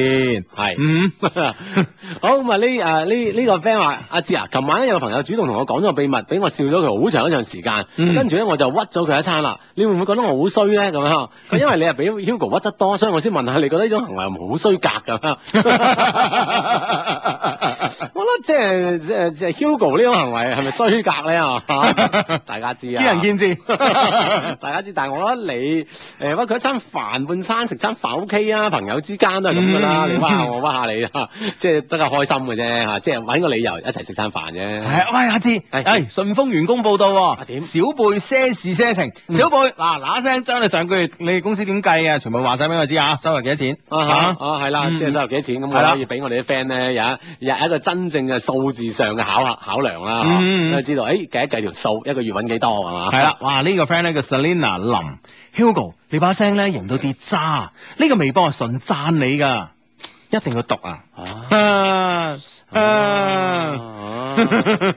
係。嗯， 好咁啊呢啊呢呢個 friend 話：阿志啊，琴晚咧有個朋友主動同我講咗個秘密，俾我笑咗佢好長一段時間。跟住咧我就屈咗佢一餐啦。你會唔會覺得我好衰咧？咁樣， 因為你啊俾 Hugo 屈得多，所以我先問下你，覺得呢種行為有冇好衰格㗎？ 我覺得即係即係即係 Hugo 呢種行為係咪衰格咧？嚇， 大家知啊，見仁見智 大家知。但係我覺得你誒屈佢一餐飯半餐食餐飯 O K 啊，朋友之間都係咁噶啦，嗯、你屈下我屈下你，即係得個開心嘅啫嚇，即係揾個理由一齊食餐飯啫。喂，阿芝，誒、哎哎、順豐員工報道，阿點？小貝些事些情，小貝嗱嗱聲將你上個月你哋公司點計嘅？唔係話晒俾我知啊，收入幾多錢？啊啊啊，係、啊、啦、嗯，即係收入幾多錢？咁我可以俾我哋啲 friend 咧，有一一個真正嘅數字上嘅考考量啦，咁、嗯、啊知道誒，計、欸、一計條數，一個月搵幾多係嘛？係、啊、啦、啊啊啊啊，哇、這個、呢個 friend 咧叫 Selina 林，Hugo 你把聲咧型到跌渣，呢、這個微博係順讚你噶，一定要讀啊！啊啊！啊啊啊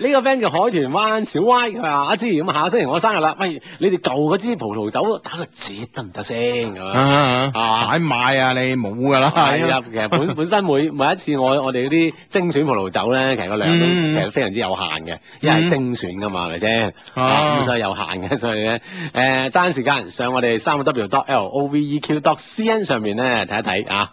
呢、這個 friend 叫海豚灣小 Y，佢話：阿芝，咁、啊啊啊啊、下星期我生日啦，不如你哋舊嗰支葡萄酒打個折得唔得先咁啊？啊，大賣啊！你冇㗎啦，係啊，啊。其實本 本身每每一次我我哋嗰啲精選葡萄酒咧，其實個量都其實非常之有限嘅，因為、嗯、係精選㗎嘛，係咪先？咁、啊、所以有限嘅，所以咧，誒、呃，爭緊時間上我哋三個 W dot L O V E Q dot C N 上面咧睇一睇啊！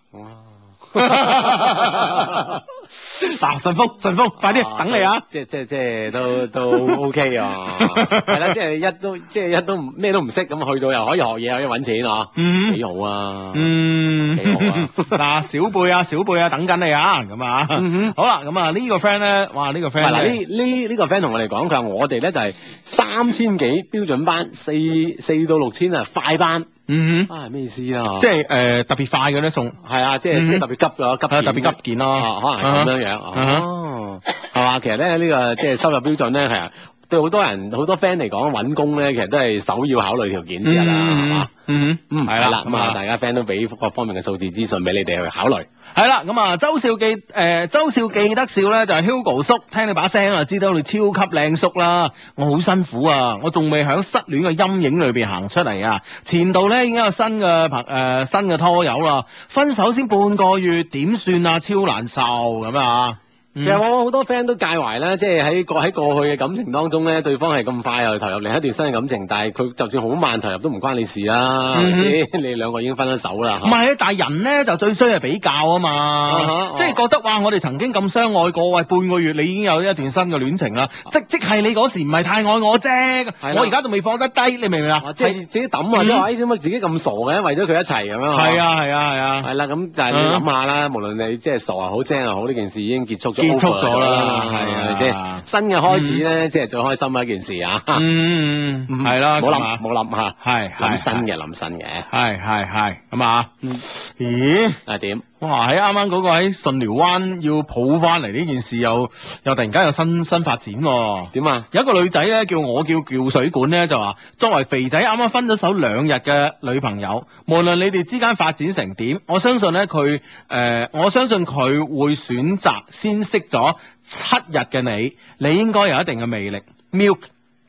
嗱、 啊，順風順風，快啲、啊，等你啊！即即即都都 OK 啊！係 啦，即係一都即係一都咩都唔識咁，去到又可以學嘢可以搵錢啊、嗯！幾好啊！嗯，幾好啊！嗱、啊，小貝啊小貝啊，等緊你啊！咁啊，嗯嗯好啦、啊，咁啊呢個 friend 咧，哇、呢個、呢、呢個 friend 嗱，呢呢呢個 friend 同我哋講，佢話我哋咧就係三千幾標準班，四四到六千啊快班。嗯哼，啊係咩意思、呃、啊？即係誒特別快嘅咧，仲係啊，即係即係特別急嘅急有特別急件咯、啊啊，可能係咁樣樣哦。哦、啊，係、啊、嘛，啊啊啊、 其實咧呢、呢個即係、就是、收入標準咧，係啊，對好多人好多 friend 嚟講搵工咧，其實都係首要考慮條件之一啦，係嘛。嗯嗯係啦，咁啊，嗯、啊大家 friend 都俾各方面嘅數字資訊俾你哋去考慮。係啦，咁啊，周少記，誒、呃，周少記得笑咧，就係 Hugo 叔，聽你把聲啊，知道你超級靚叔啦。我好辛苦啊，我仲未喺失戀嘅陰影裏邊行出嚟啊。前度咧已經有新嘅朋，誒、呃，新嘅拖友啦。分手先半個月，點算啊？超難受咁啊。嗯、其實我好多 friend 都介懷啦，即係喺過喺過去嘅感情當中咧，對方係咁快又投入另一段新嘅感情，但係佢就算好慢投入都唔關你事啦、啊，係、嗯、咪、嗯、 你兩個已經分咗手啦。唔係但係人咧就最衰係比較啊嘛，即、啊、係、啊就是、覺得話，我哋曾經咁相愛過，喂，半個月你已經有一段新嘅戀情啦、啊，即即係你嗰時唔係太愛我啫，我而家仲未放得低，你明唔明啊？即係自己抌啊，即係話點解自己咁傻嘅，爲咗佢一齊咁樣。係啊，係啊，係啊。係啦，咁但係你諗下啦，無論你即係傻又好精又好，呢件事已經結束咗。結束咗啦，係啊，係咪先？新嘅開始咧，先係最開心嘅一件事啊！嗯，係、嗯、啦，冇、嗯、諗啊，冇諗吓，係諗新嘅諗新嘅，係係係，咁啊，嗯，咦，係、啊、點？哇！喺啱啱嗰個喺順寮灣要抱翻嚟呢件事又，又又突然間又新新發展喎。點啊？有一個女仔咧，叫我叫叫水管咧，就話作為肥仔啱啱分咗手兩日嘅女朋友，無論你哋之間發展成點，我相信咧佢誒，我相信佢會選擇先識咗七日嘅你，你應該有一定嘅魅力，milk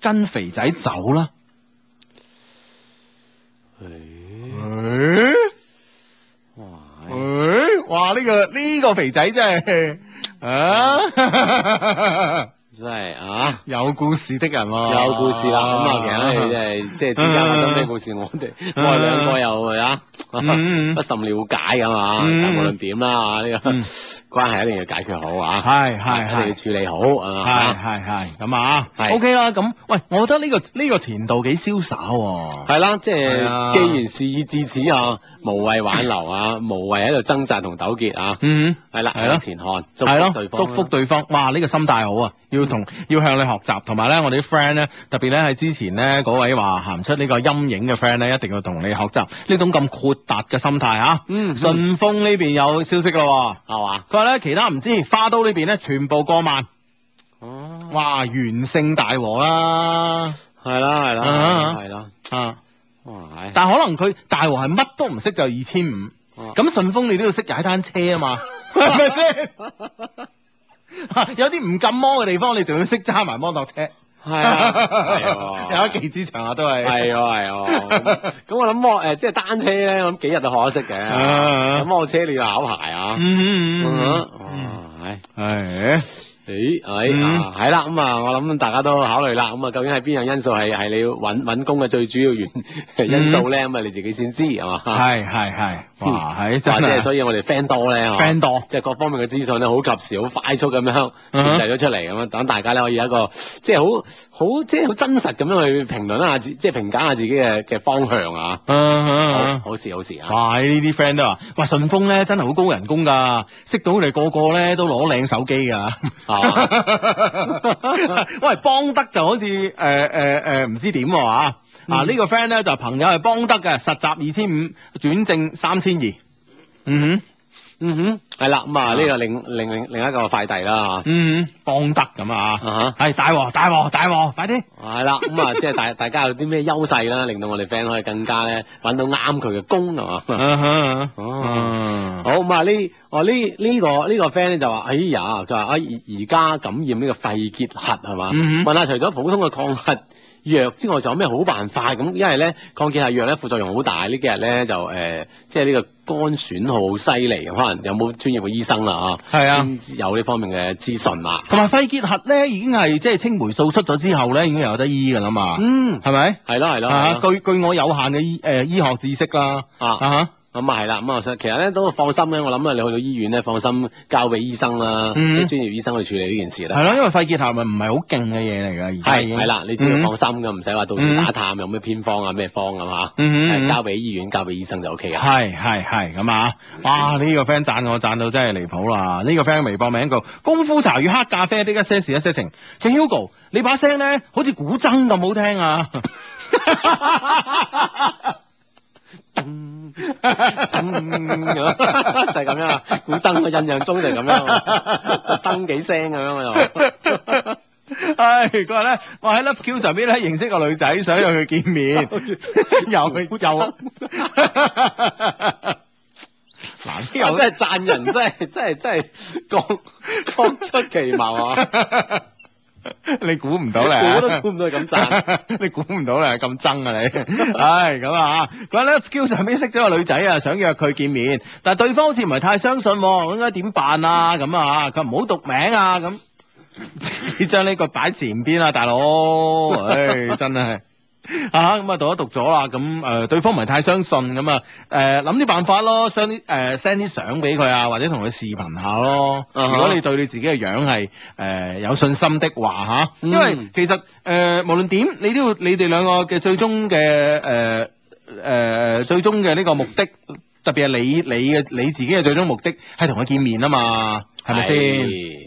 跟肥仔走啦。誒、欸欸？哇！誒、哎、哇！呢、呢個呢、呢個肥仔真係啊！ 真係啊！有故事的人喎、啊，有故事啦。咁啊，其、啊、他、嗯、你哋即係之間發心咩故事？嗯、我哋、嗯、我哋兩個又啊、嗯，不甚了解噶嘛。嗯、但無論點啦，呢、嗯這個關係一定要解決好啊。係、嗯、係，一、嗯、定、啊、要處理好啊。係係係。咁啊是，OK 啦。咁喂，我覺得呢、這個呢、這個前度幾瀟灑、啊。係啦、啊，即、就、係、是、既然事已至此啊，無謂挽留啊，嗯、無謂喺度掙扎同糾結啊。嗯，係啦、啊，向、啊、前看，係咯，祝福對方。哇，呢個心態好啊，要同要向你學習，同埋咧我哋啲 friend 咧，特別咧係之前咧嗰位話行出呢個陰影嘅 friend 咧，一定要同你學習呢種咁豁達嘅心態嚇。嗯，順豐呢邊有消息咯，係嘛？佢話咧其他唔知，花都呢邊咧全部過萬。哦、啊，哇，完勝大和啦、啊，係啦係啦，係啦、啊啊，啊，但可能佢大和係乜都唔識就二千五，咁順豐你都要識踩單車啊嘛，係咪先？ 有啲唔禁摩嘅地方，你仲要識揸埋摩托車，係啊, 啊,啊，有一技之長啊，都 係、啊，係喎、啊，係喎，咁我諗摩誒，即係單車咧，咁幾日都學得識嘅，咁摩托車你要考牌啊，嗯嗯、啊、嗯，誒、哎，係係啦，咁、嗯、啊，嗯、我諗大家都考慮啦，咁、嗯、啊，究竟係邊樣因素係係你搵搵工嘅最主要原因、嗯、因素咧？咁啊，你自己先知係嘛？係係係，哇，係真係，或者係所以我哋 friend 多咧，friend 多，即、啊、係、就是、各方面嘅資訊咧，好及時、好快速咁樣傳遞咗出嚟，咁樣等大家咧可以一個即係好。就是好即係好真實咁樣去評論啊，即係評價下自己嘅嘅方向、嗯嗯嗯嗯嗯、啊。個個好事、嗯、 好事、呃呃呃、啊。哇！呢啲 friend 都話，喂順豐咧真係好高人工㗎，識到你哋個個咧都攞靚手機㗎。啊！喂，邦德就好似誒誒誒唔知點啊。啊，呢個 friend 咧就朋友係邦德嘅實習二千五轉正三千二。嗯哼。嗯哼，係啦，咁啊呢個另另另、嗯、另一個快遞啦，嗯，邦德咁啊，係、嗯、大鑊大鑊大鑊，快啲！係啦，咁啊即係大 大家有啲咩優勢啦，令到我哋 friend 可以更加咧揾到啱佢嘅功能啊！啊、嗯、哈、嗯嗯，哦，好咁啊呢哦呢呢個呢、這個 friend 咧就話哎呀，佢話啊而而家感染呢個肺結核係嘛、嗯？問下除咗普通嘅抗核。藥之外，仲有咩好辦法咁？因為咧，抗結核藥咧副作用好大，幾呢幾日咧就誒、呃，即係呢個肝損耗犀利，可能有冇專業嘅醫生啦吓？係啊，先至有呢方面嘅資訊啦。同埋肺結核咧，已經係即係青黴素出咗之後咧，應該有得醫噶啦嘛。嗯，係咪？係啦係啦，吓，據據我有限嘅醫誒、呃、醫學知識啦、啊。啊啊！咁、嗯、啊，係啦，咁我其實咧都放心嘅。我諗啊，你去到醫院咧，放心交俾醫生啦，啲、嗯、專業醫生去處理呢件事啦。係咯，因為肺結核咪唔係好勁嘅嘢嚟㗎，係係啦，你只要放心嘅，唔使話到處打探有咩偏方啊咩方咁啊，嗯嗯嗯，交俾醫院，交俾醫生就 OK 啦。係係係，咁啊，哇！呢、這個 friend 讚我讚到真係離譜啦！呢、這個 friend 微博名叫功夫茶與黑咖啡，呢一些事一些情。佢 Hugo，你把聲咧好似古箏咁好聽啊！ 咁 就係咁樣，樣啊！古噔啊！印象中就係咁樣啊！噔幾聲咁樣啊又。唉、啊，佢話咧，我喺 LoveQ 上邊咧認識個女仔，想約佢見面。又又，真又真係讚人，真係真係 真，真，真出奇謀啊！ 你估唔到咧、啊，估都估唔到咁爭、啊。 你估唔到咧咁爭啊你！唉、 哎，咁啊嚇。佢話咧叫上邊識咗個女仔啊，想約佢見面，但係對方好似唔係太相信喎、啊，應該點辦啊？咁啊佢唔好讀名啊咁，自己將呢個擺前邊啊，大佬，唉、哎，真係。啊咁啊，嗯、讀咗讀咗啦，咁、嗯、誒、呃、對方唔係太相信咁啊，誒諗啲辦法咯，send 啲誒 send 啲相俾佢啊，或者同佢視頻下咯。Uh-huh. 如果你對你自己嘅樣係誒、呃、有信心的話嚇，嗯 mm. 因為其實誒、呃、無論點，你都要你哋兩個嘅最終嘅誒誒最終嘅呢個目的，特別係你你嘅你自己嘅最終目的係同佢見面啊嘛，係咪先？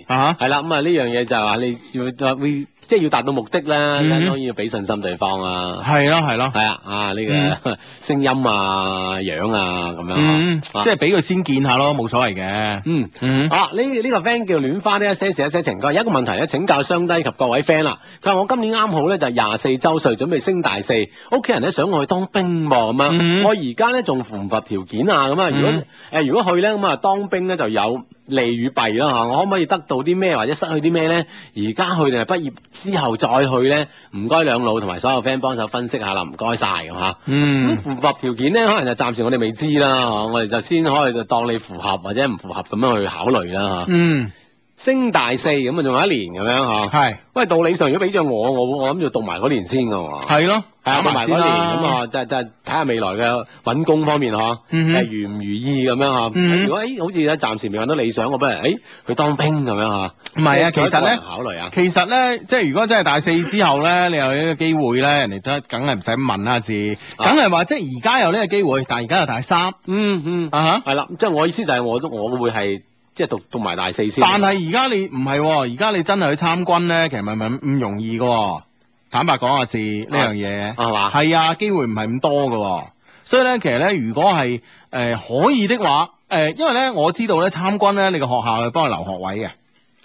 啊，係啦，咁啊呢樣嘢就係、是、話你要會。會即係要達到目的啦，mm-hmm. 當然要俾信心對方啦。係咯，係咯。係啊，啊呢、這個聲、mm-hmm. 音啊、樣啊咁樣。Mm-hmm. 啊、即係俾佢先見下咯，冇所謂嘅。嗯、mm-hmm. 嗯。啊，這個、叫呢呢個 friend 叫戀花，呢一些事一些情。佢話有一個問題咧，請教雙低及各位 friend 啦。佢話我今年啱好咧就係廿四周歲，準備升大四。屋企人咧想我去當兵喎，咁樣。Mm-hmm. 我而家咧仲符唔符合條件啊，咁啊。如果誒、mm-hmm. 呃、如果去咧咁啊，當兵咧就有利與弊啦嚇、啊。我可唔可以得到啲咩或者失去啲咩咧？而家去定係畢業？之後再去咧，唔該兩老同埋所有 friend 幫手分析下啦，唔該晒咁吓。嗯。咁符合條件咧，可能就暫時我哋未知啦，吓，我哋就先可能就當你符合或者唔符合咁樣去考慮啦，吓嗯。升大四咁啊，仲有一年咁樣嗬。係。喂，道理上如果俾着我，我我諗住要讀埋嗰年先噶喎。係咯，係啊，讀埋嗰年咁啊，即係即係睇下未來嘅揾工方面嗬、嗯，如唔如意咁樣嗬、嗯。如果誒、哎，好似咧暫時未揾到理想，我不如誒、哎、去當兵咁樣嗬。唔係啊，其實咧，考慮啊，其實咧，即係如果真係大四之後咧，你有呢個機會咧， 人哋都梗係唔使問啦，至梗係話即係而家有呢個機會，但係而家又大三。嗯嗯。係、uh-huh、啦，即係我意思就係，我都我會係。即係讀讀埋大四先。但係而家你唔係，而家、哦、你真係去參軍咧，其實咪咪唔容易喎、哦。坦白講下字呢樣嘢係嘛？係啊，啊，機會唔係咁多喎、哦。所以咧，其實咧，如果係誒、呃、可以的話，誒、呃、因為咧，我知道咧，參軍咧，你個學校去幫你留學位嘅。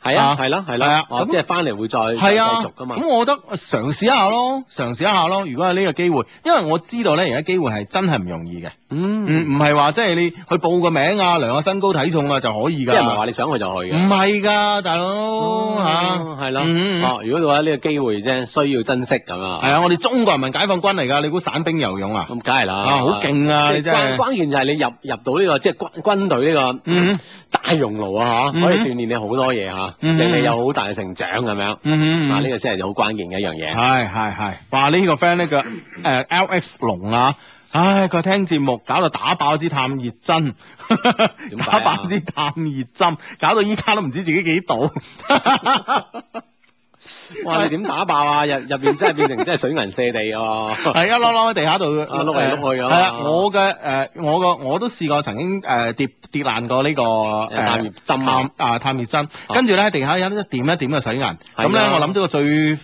係啊，係咯，係咯。啊，即係翻嚟會再繼續㗎嘛、啊。咁、啊、我覺得嘗試一下咯，嘗試一下咯。如果係呢個機會，因為我知道咧，而家機會係真係唔容易嘅。嗯，唔唔係話即係你去報個名啊，量下身高體重，啊就可以噶。即係唔係話你想去就去嘅。唔係噶，大佬吓係咯。哦、嗯啊嗯啊，如果話呢個機會啫，需要珍惜咁啊。係啊，我哋中國人民解放軍嚟噶，你估散兵游勇啊？咁梗係啦，好勁啊！的啊你真關關鍵就係你入入到呢、這個即係軍軍隊呢、這個、嗯、大熔爐啊，吓、嗯、可以鍛煉你好多嘢吓、嗯啊嗯，令你有好大嘅成長咁樣。嗱、嗯、呢、啊嗯啊這個先係好關鍵嘅、嗯、一樣嘢。係係係。哇！呢、這個 friend 呢、那個誒、uh, L X 龍啊。唉，佢聽節目，搞到打爆支探熱針，打爆支探熱針，搞到依家都唔知自己幾度。 哇！你點打爆啊？入入面真係變成 真係水銀瀉地啊！係一碌碌喺地下度碌嚟碌去噶。係啊，我嘅誒，我個、呃、我，我，我，我都試過曾經誒、呃、跌跌爛過呢、這個、呃、探熱針、呃、啊，探熱針。跟住咧，地下有一點一點嘅水銀。咁、啊、咧，我諗咗個最科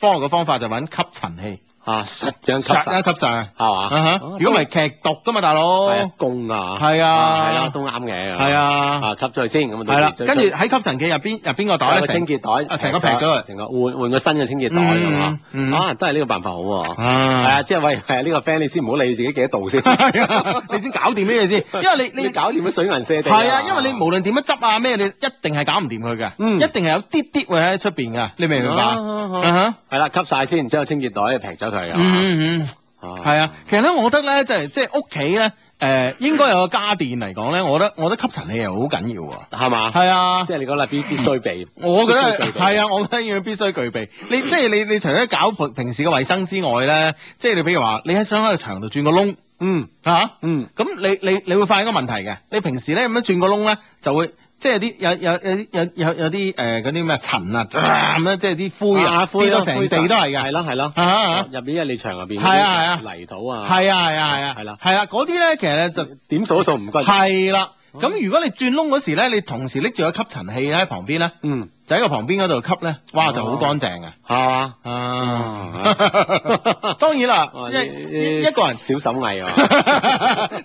學嘅方法就揾吸塵器。啊，十樣吸十樣吸曬，係嘛？如果唔係劇毒噶嘛，大佬。係啊，係啊，係啦，都啱嘅。係啊，吸咗佢先咁啊。係啦，跟住喺吸塵器入邊入邊個袋咧？個清潔袋啊，成個撇咗佢，成個換換個新嘅清潔袋咁啊。可能都係呢個辦法好。啊，係啊，即係喂，係啊，呢個 friend，你先唔好理自己幾多度先，你先搞掂咩先？因為你你要搞掂啲水銀瀉地。係啊，因為你無論點樣執啊咩，你一定係搞唔掂佢嘅。嗯，一定係有啲啲會喺出邊㗎。你明㗎？啊啊啊！係啦，吸曬先，將個清潔袋撇咗佢。係、嗯嗯嗯、啊，嗯嗯，係啊，其實咧、就係呃，我覺得咧，即係即係屋企咧，誒，應該有個家電嚟講咧，我覺得我覺得吸塵器又好緊要，係嘛？係啊，即係你講啦，必必須備，我覺得係啊，我覺得要必須具備。你即係你，你，你除咗搞平時嘅衛生之外咧，即係你譬如話，你喺想喺個牆度轉個窿，嗯啊吓，嗯，咁、嗯嗯、你你你會發現個問題嘅，你平時咧咁樣轉個窿咧，就會。即係啲有有有啲有有有啲誒嗰啲咩塵啊，咁、呃呃、即係啲灰，啊啊、灰啊，灰到成地都係㗎。係咯係咯，入面一嚟牆入面，係啊係啊，泥土啊，係啊係啊係啊，係啦係啦，嗰啲咧其實咧就點數都數唔乾。係啦，咁如果你轉窿嗰時咧，你同時拎住個吸塵器喺旁邊咧。嗯。就喺個旁邊嗰度吸咧，哇就好乾淨啊係嘛啊！啊啊 當然啦，一、啊、一個人小手藝啊，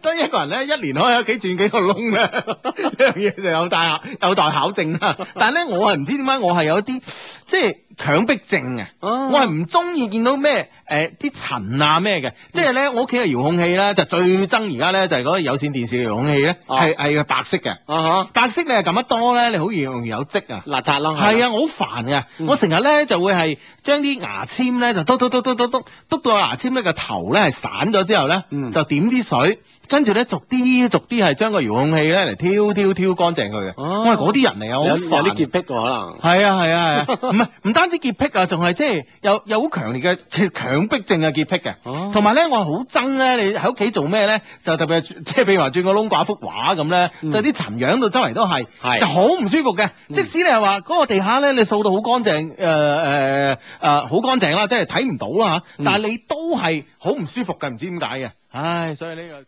當 然一個人咧，一年可以喺屋企轉幾個窿咧、啊，呢樣嘢就有大有待考證啦、啊。但係咧，我係唔知點解，我係有啲即係強迫症啊，啊我係唔中意見到咩誒啲塵啊咩嘅，即係咧我屋企嘅遙控器咧就最憎而家咧就係、是、嗰個有線電視嘅遙控器咧，係、啊、係白色嘅、啊，白色你係咁得多咧，你好易容易有積啊邋遢、啊係啊，我好煩嘅。嗯、我成日咧就會係將啲牙籤咧就篤篤篤篤篤篤篤到牙籤咧個頭咧係散咗之後咧，嗯、就點啲水。跟住咧，逐啲逐啲係將個遙控器咧嚟挑挑挑乾淨佢嘅。我係嗰啲人嚟啊，有啲潔癖㗎可能。係啊係啊係啊，唔係唔單止潔癖啊，仲係即係有有好強烈嘅強迫症嘅潔癖嘅。同埋咧，我係好憎咧，你喺屋企做咩咧？就特別即係譬如話轉個窿掛幅畫咁咧，嗯，就啲塵揚到周圍都係，就好唔舒服嘅。即使你係話嗰個地下咧，你掃到好乾淨，誒誒誒，好、呃呃、乾淨啦，即係睇唔到啦嚇，嗯，但係你都係好唔舒服嘅，唔知點解嘅。唉，所以呢、呢個